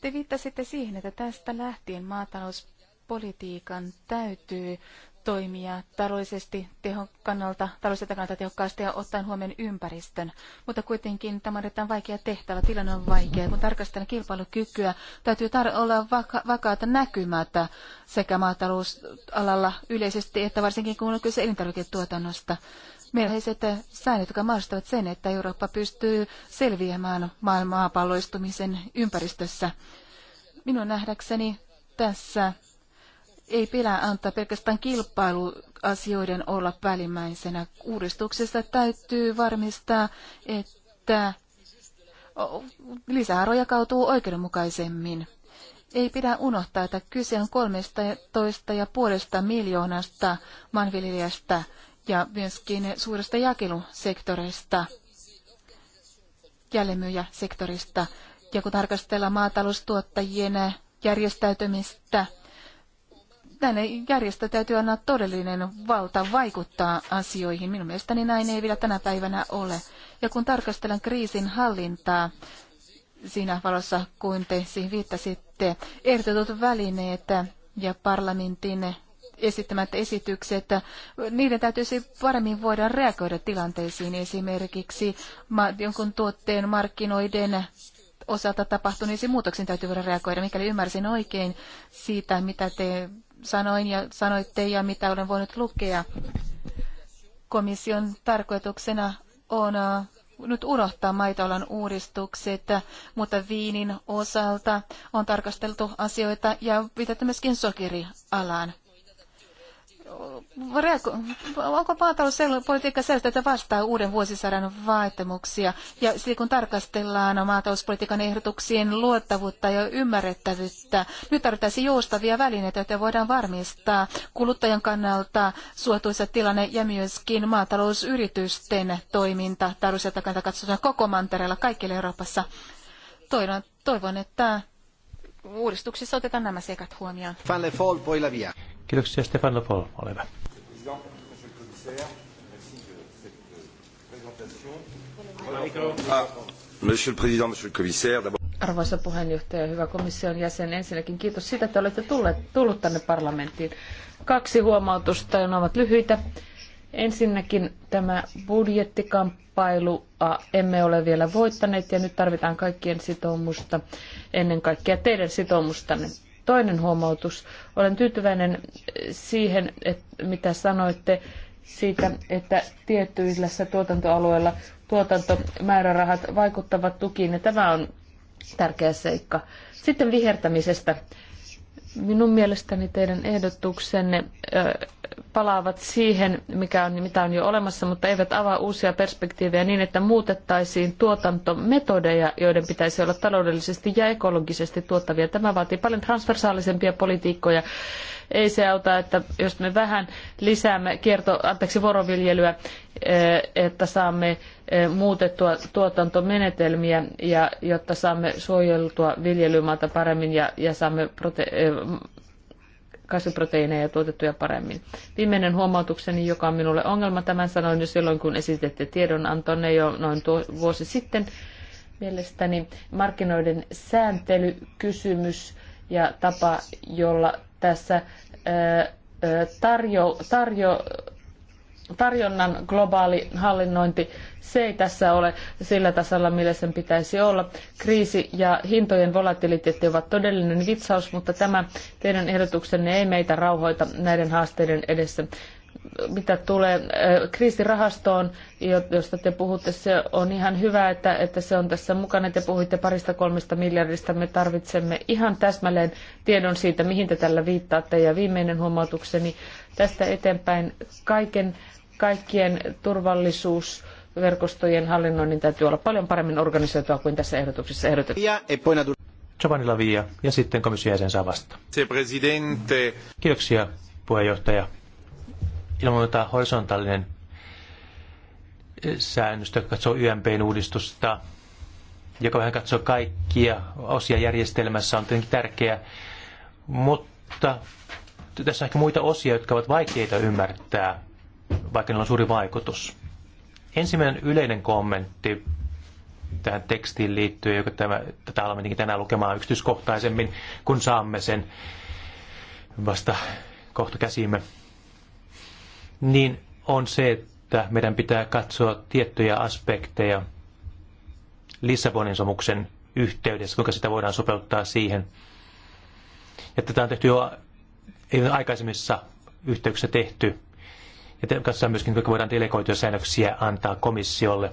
S3: Te viittasitte siihen, että tästä lähtien maatalouspolitiikan täytyy toimia taloudellisesti kannalta, taloudelliselta kannalta tehokkaasti ja ottaen huomioon ympäristön. Mutta kuitenkin tämä on erittäin vaikea tehtävä, tilanne on vaikea. Kun tarkastellaan kilpailukykyä, täytyy tar- olla vaka- vakaata näkymätä sekä maatalousalalla yleisesti, että varsinkin kun on kyse elintarviketuotannosta. Meillä sitten säännöt, jotka mahdollistavat sen, että Eurooppa pystyy selviämään maailmaapalloistumisen maapalloistumisen ympäristössä. Minun nähdäkseni tässä ei pidä antaa pelkästään kilpailuasioiden olla välimäisenä. Uudistuksessa täytyy varmistaa, että lisäarvo jakautuu oikeudenmukaisemmin. Ei pidä unohtaa, että kyse on 13,5 miljoonasta maanviljelijästä ja myöskin suuresta jakelusektorista, jälleenmyyjäsektorista. Ja kun tarkastellaan maataloustuottajien järjestäytymistä, Tälle järjestö täytyy antaa todellinen valta vaikuttaa asioihin. Minun mielestäni näin ei vielä tänä päivänä ole. Ja kun tarkastelen kriisin hallintaa siinä valossa, kuin te siihen viittasitte, ehdotetut välineet ja parlamentin esittämät esitykset, niiden täytyisi paremmin voida reagoida tilanteisiin esimerkiksi jonkun tuotteen markkinoiden osalta tapahtuneisiin muutoksiin täytyy voida reagoida. Mikäli ymmärsin oikein siitä, mitä te sanoin ja sanoitte ja mitä olen voinut lukea. Komission tarkoituksena on äh, nyt unohtaa maitoalan uudistukset, mutta viinin osalta on tarkasteltu asioita ja viitattu myöskin sokerialaan onko maatalouspolitiikka sellaista, että vastaa uuden vuosisadan vaatimuksia? Ja kun tarkastellaan maatalouspolitiikan ehdotuksien luottavuutta ja ymmärrettävyyttä, nyt tarvitaan joustavia välineitä, joita voidaan varmistaa kuluttajan kannalta suotuisa tilanne ja myöskin maatalousyritysten toiminta tarvitsemaan kannalta katsotaan koko mantereella kaikille Euroopassa. Toivon, toivon että uudistuksissa otetaan nämä sekat huomioon.
S1: Fan le fol, poi la via. Kiitoksia Stefan Lopol, ole hyvä.
S2: Arvoisa puheenjohtaja, hyvä komission jäsen, ensinnäkin kiitos siitä, että olette tulleet, tullut tänne parlamenttiin. Kaksi huomautusta, ne ovat lyhyitä. Ensinnäkin tämä budjettikamppailu emme ole vielä voittaneet ja nyt tarvitaan kaikkien sitoumusta, ennen kaikkea teidän sitoumustanne. Toinen huomautus. Olen tyytyväinen siihen, että mitä sanoitte siitä, että tiettyillä tuotantoalueilla tuotantomäärärahat vaikuttavat tukiin, ja tämä on tärkeä seikka. Sitten vihertämisestä. Minun mielestäni teidän ehdotuksenne palaavat siihen, mikä on, mitä on jo olemassa, mutta eivät avaa uusia perspektiivejä niin, että muutettaisiin tuotantometodeja, joiden pitäisi olla taloudellisesti ja ekologisesti tuottavia. Tämä vaatii paljon transversaalisempia politiikkoja. Ei se auta, että jos me vähän lisäämme kierto, anteeksi, vuoroviljelyä, eh, että saamme eh, muutettua tuotantomenetelmiä, ja, jotta saamme suojeltua viljelymaata paremmin ja, ja saamme prote- eh, kasviproteiineja tuotettuja paremmin. Viimeinen huomautukseni, joka on minulle ongelma, tämän sanoin jo silloin, kun esitette tiedonantonne jo noin tuo, vuosi sitten. Mielestäni markkinoiden sääntelykysymys ja tapa, jolla tässä tarjo, tarjo, tarjonnan globaali hallinnointi, se ei tässä ole sillä tasolla, millä sen pitäisi olla. Kriisi ja hintojen volatiliteetti ovat todellinen vitsaus, mutta tämä teidän ehdotuksenne ei meitä rauhoita näiden haasteiden edessä mitä tulee äh, kriisirahastoon, josta te puhutte, se on ihan hyvä, että, että se on tässä mukana. Te puhuitte parista kolmesta miljardista. Me tarvitsemme ihan täsmälleen tiedon siitä, mihin te tällä viittaatte. Ja viimeinen huomautukseni tästä eteenpäin kaiken, kaikkien turvallisuus verkostojen hallinnoinnin täytyy olla paljon
S1: paremmin organisoitua kuin tässä ehdotuksessa ehdotettu. E Giovanni Lavia ja sitten komission jäsen saa vastata. Kiitoksia puheenjohtaja ilman jota horisontaalinen eh, säännöstö katsoo YMPn uudistusta, joka vähän katsoo kaikkia osia järjestelmässä, on tietenkin tärkeä, mutta tässä on ehkä muita osia, jotka ovat vaikeita ymmärtää, vaikka niillä on suuri vaikutus. Ensimmäinen yleinen kommentti tähän tekstiin liittyen, joka tämä, tätä alamme tänään lukemaan yksityiskohtaisemmin, kun saamme sen vasta kohta käsimme niin on se, että meidän pitää katsoa tiettyjä aspekteja Lissabonin sopimuksen yhteydessä, kuinka sitä voidaan sopeuttaa siihen. Ja tätä on tehty jo aikaisemmissa yhteyksissä tehty. Ja katsotaan myöskin, kuinka voidaan delegoituja säännöksiä antaa komissiolle.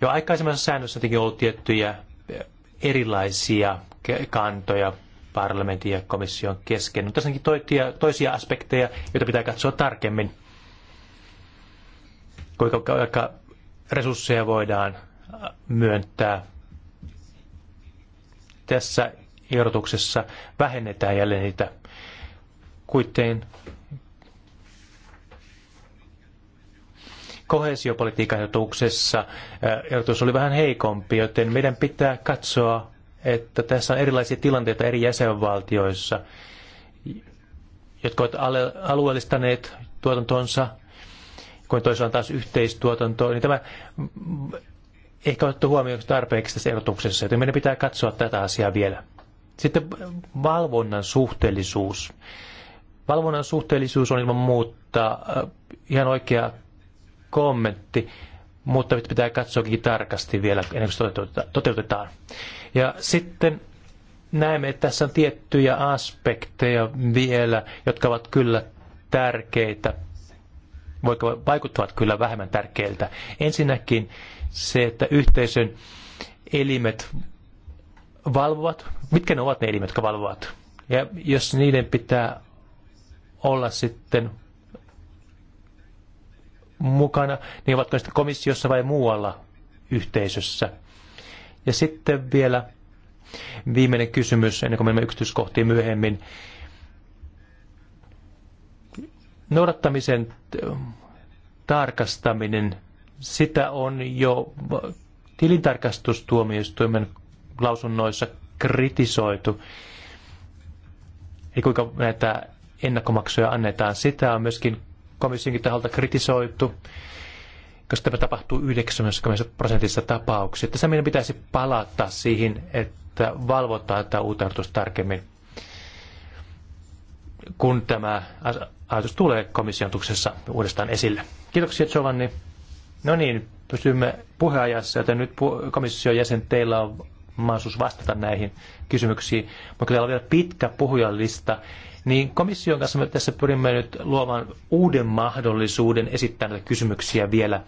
S1: Jo aikaisemmassa säännössä tietenkin ollut tiettyjä erilaisia kantoja parlamentin ja komission kesken. Mutta tässäkin toisia, toisia aspekteja, joita pitää katsoa tarkemmin. Kuinka vaikka resursseja voidaan äh, myöntää. Tässä ehdotuksessa vähennetään jälleen niitä kuitteen kohesiopolitiikan ehdotuksessa äh, ehdotus oli vähän heikompi, joten meidän pitää katsoa että tässä on erilaisia tilanteita eri jäsenvaltioissa, jotka ovat alueellistaneet tuotantonsa, kuin toisaalta taas yhteistuotantoa, niin tämä ehkä otettu huomioon tarpeeksi tässä erotuksessa, joten meidän pitää katsoa tätä asiaa vielä. Sitten valvonnan suhteellisuus. Valvonnan suhteellisuus on ilman muuta äh, ihan oikea kommentti, mutta pitää katsoakin tarkasti vielä ennen kuin se toteutetaan. Ja sitten näemme, että tässä on tiettyjä aspekteja vielä, jotka ovat kyllä tärkeitä, vaikka vaikuttavat kyllä vähemmän tärkeiltä. Ensinnäkin se, että yhteisön elimet valvovat, mitkä ne ovat ne elimet, jotka valvovat. Ja jos niiden pitää olla sitten mukana, niin ovatko sitten komissiossa vai muualla yhteisössä. Ja sitten vielä viimeinen kysymys, ennen kuin menemme yksityiskohtiin myöhemmin. Noudattamisen tarkastaminen, sitä on jo tilintarkastustuomioistuimen lausunnoissa kritisoitu. Eli kuinka näitä ennakkomaksuja annetaan, sitä on myöskin komissionkin taholta kritisoitu koska tämä tapahtuu 90 prosentissa tapauksia. Tässä meidän pitäisi palata siihen, että valvotaan tätä uutta tarkemmin, kun tämä ajatus tulee komission uudestaan esille. Kiitoksia Giovanni. No niin, pysymme puheajassa, joten nyt komission jäsen teillä on mahdollisuus vastata näihin kysymyksiin. Mutta kyllä on vielä pitkä puhujalista, niin komission kanssa me tässä pyrimme nyt luomaan uuden mahdollisuuden esittää näitä kysymyksiä vielä,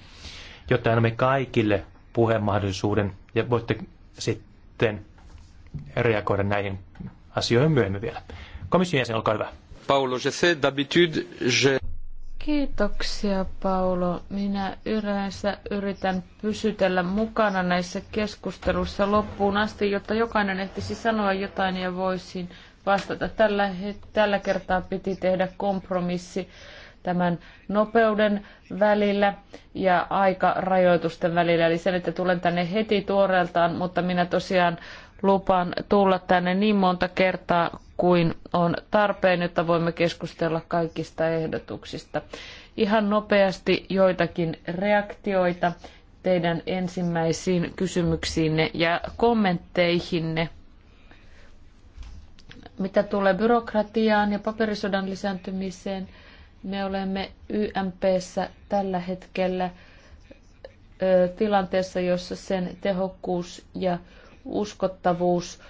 S1: jotta annamme kaikille puheenmahdollisuuden ja voitte sitten reagoida näihin asioihin myöhemmin vielä. Komission jäsen, olkaa hyvä. Paulo, je sais d'habitude, je...
S2: Kiitoksia Paulo. Minä yleensä yritän pysytellä mukana näissä keskusteluissa loppuun asti, jotta jokainen ehtisi sanoa jotain ja voisin vastata. Tällä, tällä kertaa piti tehdä kompromissi tämän nopeuden välillä ja aikarajoitusten välillä. Eli sen, että tulen tänne heti tuoreeltaan, mutta minä tosiaan lupaan tulla tänne niin monta kertaa kuin on tarpeen, jotta voimme keskustella kaikista ehdotuksista. Ihan nopeasti joitakin reaktioita teidän ensimmäisiin kysymyksiinne ja kommentteihinne. Mitä tulee byrokratiaan ja paperisodan lisääntymiseen, me olemme YMPssä tällä hetkellä tilanteessa, jossa sen tehokkuus ja uskottavuus,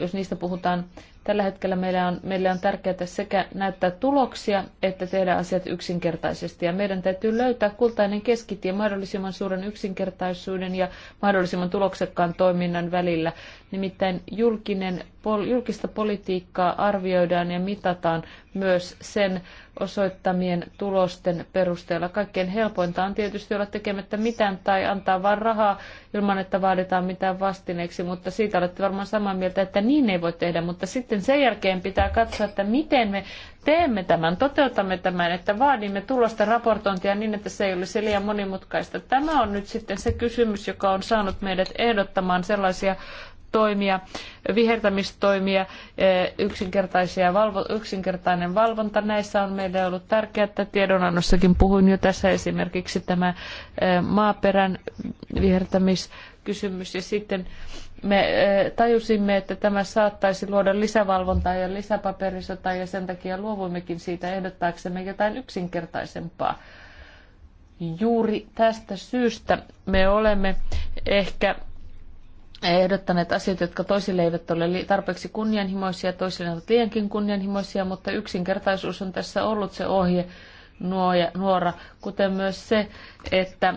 S2: jos niistä puhutaan, tällä hetkellä meillä on, meillä on tärkeää sekä näyttää tuloksia että tehdä asiat yksinkertaisesti. Ja meidän täytyy löytää kultainen keskitie mahdollisimman suuren yksinkertaisuuden ja mahdollisimman tuloksekkaan toiminnan välillä Nimittäin julkinen, julkista politiikkaa arvioidaan ja mitataan myös sen osoittamien tulosten perusteella. Kaikkein helpointa on tietysti olla tekemättä mitään tai antaa vain rahaa ilman, että vaaditaan mitään vastineeksi, mutta siitä olette varmaan samaa mieltä, että niin ei voi tehdä, mutta sitten sen jälkeen pitää katsoa, että miten me teemme tämän, toteutamme tämän, että vaadimme tulosta raportointia niin, että se ei olisi liian monimutkaista. Tämä on nyt sitten se kysymys, joka on saanut meidät ehdottamaan sellaisia toimia, vihertämistoimia, eh, yksinkertaisia valvo, yksinkertainen valvonta. Näissä on meille ollut tärkeää, että tiedonannossakin puhuin jo tässä esimerkiksi tämä eh, maaperän vihertämiskysymys ja sitten me eh, tajusimme, että tämä saattaisi luoda lisävalvontaa ja lisäpaperisota ja sen takia luovuimmekin siitä ehdottaaksemme jotain yksinkertaisempaa. Juuri tästä syystä me olemme ehkä ehdottaneet asioita, jotka toisille eivät ole tarpeeksi kunnianhimoisia, toisille ovat liiankin kunnianhimoisia, mutta yksinkertaisuus on tässä ollut se ohje nuora, kuten myös se, että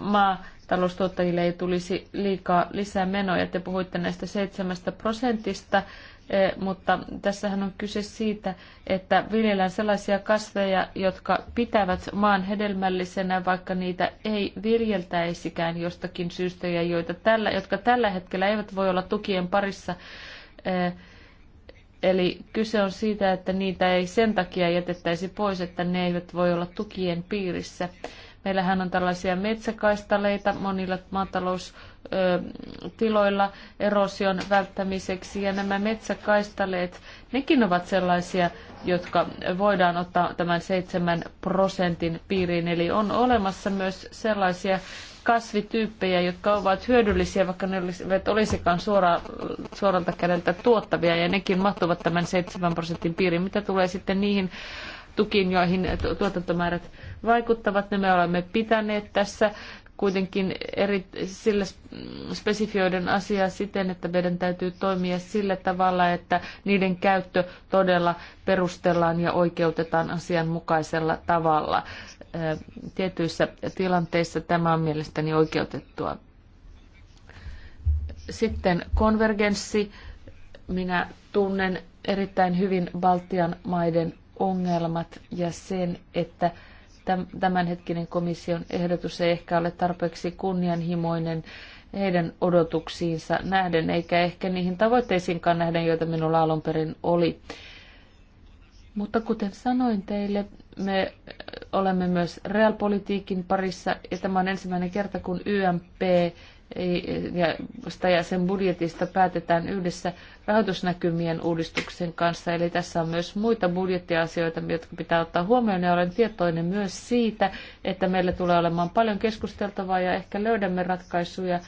S2: maataloustuottajille ei tulisi liikaa lisää menoja. Te puhuitte näistä seitsemästä prosentista mutta tässähän on kyse siitä, että viljellään sellaisia kasveja, jotka pitävät maan hedelmällisenä, vaikka niitä ei viljeltäisikään jostakin syystä, ja joita tällä, jotka tällä hetkellä eivät voi olla tukien parissa. Eli kyse on siitä, että niitä ei sen takia jätettäisi pois, että ne eivät voi olla tukien piirissä. Meillähän on tällaisia metsäkaistaleita monilla maataloustiloilla erosion välttämiseksi ja nämä metsäkaistaleet, nekin ovat sellaisia, jotka voidaan ottaa tämän 7 prosentin piiriin. Eli on olemassa myös sellaisia kasvityyppejä, jotka ovat hyödyllisiä, vaikka ne olisivat olisikaan suora, suoralta kädeltä tuottavia, ja nekin mahtuvat tämän 7 prosentin piiriin. Mitä tulee sitten niihin tukiin, joihin tuotantomäärät vaikuttavat, niin me olemme pitäneet tässä kuitenkin eri, sille spesifioiden asiaa siten, että meidän täytyy toimia sillä tavalla, että niiden käyttö todella perustellaan ja oikeutetaan asianmukaisella tavalla. Tietyissä tilanteissa tämä on mielestäni oikeutettua. Sitten konvergenssi. Minä tunnen erittäin hyvin Baltian maiden ongelmat ja sen, että tämänhetkinen komission ehdotus ei ehkä ole tarpeeksi kunnianhimoinen heidän odotuksiinsa nähden, eikä ehkä niihin tavoitteisiinkaan nähden, joita minulla alun perin oli. Mutta kuten sanoin teille, me olemme myös realpolitiikin parissa, ja tämä on ensimmäinen kerta, kun YMP ja, ja sen budjetista päätetään yhdessä rahoitusnäkymien uudistuksen kanssa. Eli tässä on myös muita budjettiasioita, jotka pitää ottaa huomioon. Ja olen tietoinen myös siitä, että meillä tulee olemaan paljon keskusteltavaa ja ehkä löydämme ratkaisuja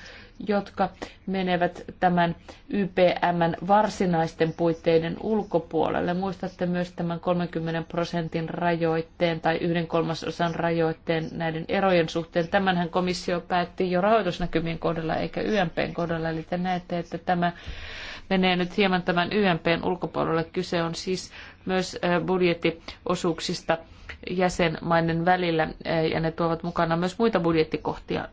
S2: jotka menevät tämän YPMn varsinaisten puitteiden ulkopuolelle. Muistatte myös tämän 30 prosentin rajoitteen tai yhden kolmasosan rajoitteen näiden erojen suhteen. Tämänhän komissio päätti jo rahoitusnäkymien kohdalla eikä YMPn kohdalla, eli te näette, että tämä menee nyt hieman tämän YMPn ulkopuolelle. Kyse on siis myös budjettiosuuksista jäsenmaiden välillä ja ne tuovat mukana myös muita budjettikohtia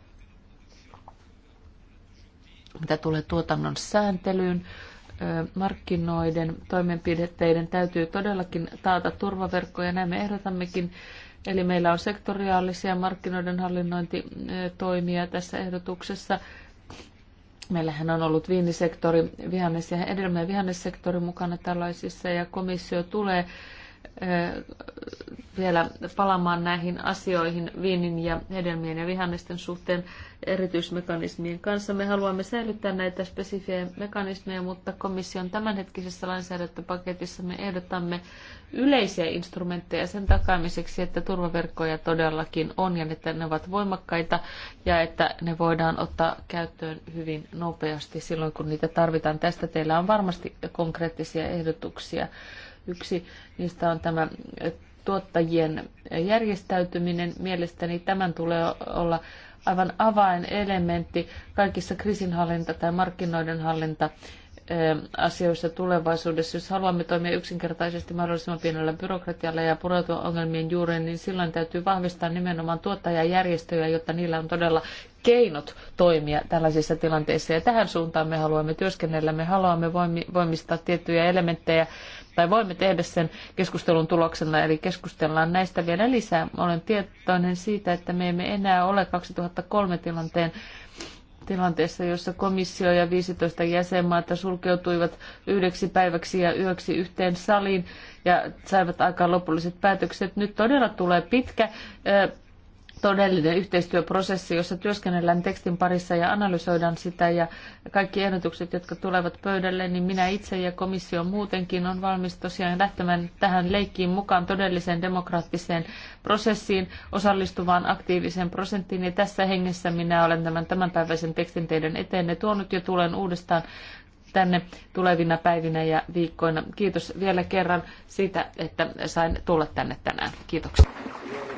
S2: mitä tulee tuotannon sääntelyyn, markkinoiden toimenpiteiden täytyy todellakin taata turvaverkkoja näin me ehdotammekin. Eli meillä on sektoriaalisia markkinoiden hallinnointitoimia tässä ehdotuksessa. Meillähän on ollut viinisektori, vihannes- ja edelleen ja vihannessektori mukana tällaisissa ja komissio tulee vielä palaamaan näihin asioihin viinin ja hedelmien ja vihannesten suhteen erityismekanismien kanssa. Me haluamme säilyttää näitä spesifiä mekanismeja, mutta komission tämänhetkisessä lainsäädäntöpaketissa me ehdotamme yleisiä instrumentteja sen takaamiseksi, että turvaverkkoja todellakin on ja että ne ovat voimakkaita ja että ne voidaan ottaa käyttöön hyvin nopeasti silloin, kun niitä tarvitaan. Tästä teillä on varmasti konkreettisia ehdotuksia. Yksi niistä on tämä tuottajien järjestäytyminen. Mielestäni tämän tulee olla aivan avainelementti kaikissa kriisinhallinta- tai markkinoiden hallinta asioissa tulevaisuudessa. Jos haluamme toimia yksinkertaisesti mahdollisimman pienellä byrokratialla ja pureutua ongelmien juureen, niin silloin täytyy vahvistaa nimenomaan tuottajajärjestöjä, jotta niillä on todella keinot toimia tällaisissa tilanteissa. Ja tähän suuntaan me haluamme työskennellä. Me haluamme voimistaa tiettyjä elementtejä tai voimme tehdä sen keskustelun tuloksella, eli keskustellaan näistä vielä lisää. Olen tietoinen siitä, että me emme enää ole 2003 tilanteen tilanteessa, jossa komissio ja 15 jäsenmaata sulkeutuivat yhdeksi päiväksi ja yöksi yhteen saliin ja saivat aikaan lopulliset päätökset. Nyt todella tulee pitkä todellinen yhteistyöprosessi, jossa työskennellään tekstin parissa ja analysoidaan sitä ja kaikki ehdotukset, jotka tulevat pöydälle, niin minä itse ja komissio muutenkin on valmis tosiaan lähtemään tähän leikkiin mukaan todelliseen demokraattiseen prosessiin, osallistuvaan aktiiviseen prosenttiin ja tässä hengessä minä olen tämän tämänpäiväisen tekstin teidän eteenne tuonut ja tulen uudestaan tänne tulevina päivinä ja viikkoina. Kiitos vielä kerran siitä, että sain tulla tänne tänään. Kiitoksia.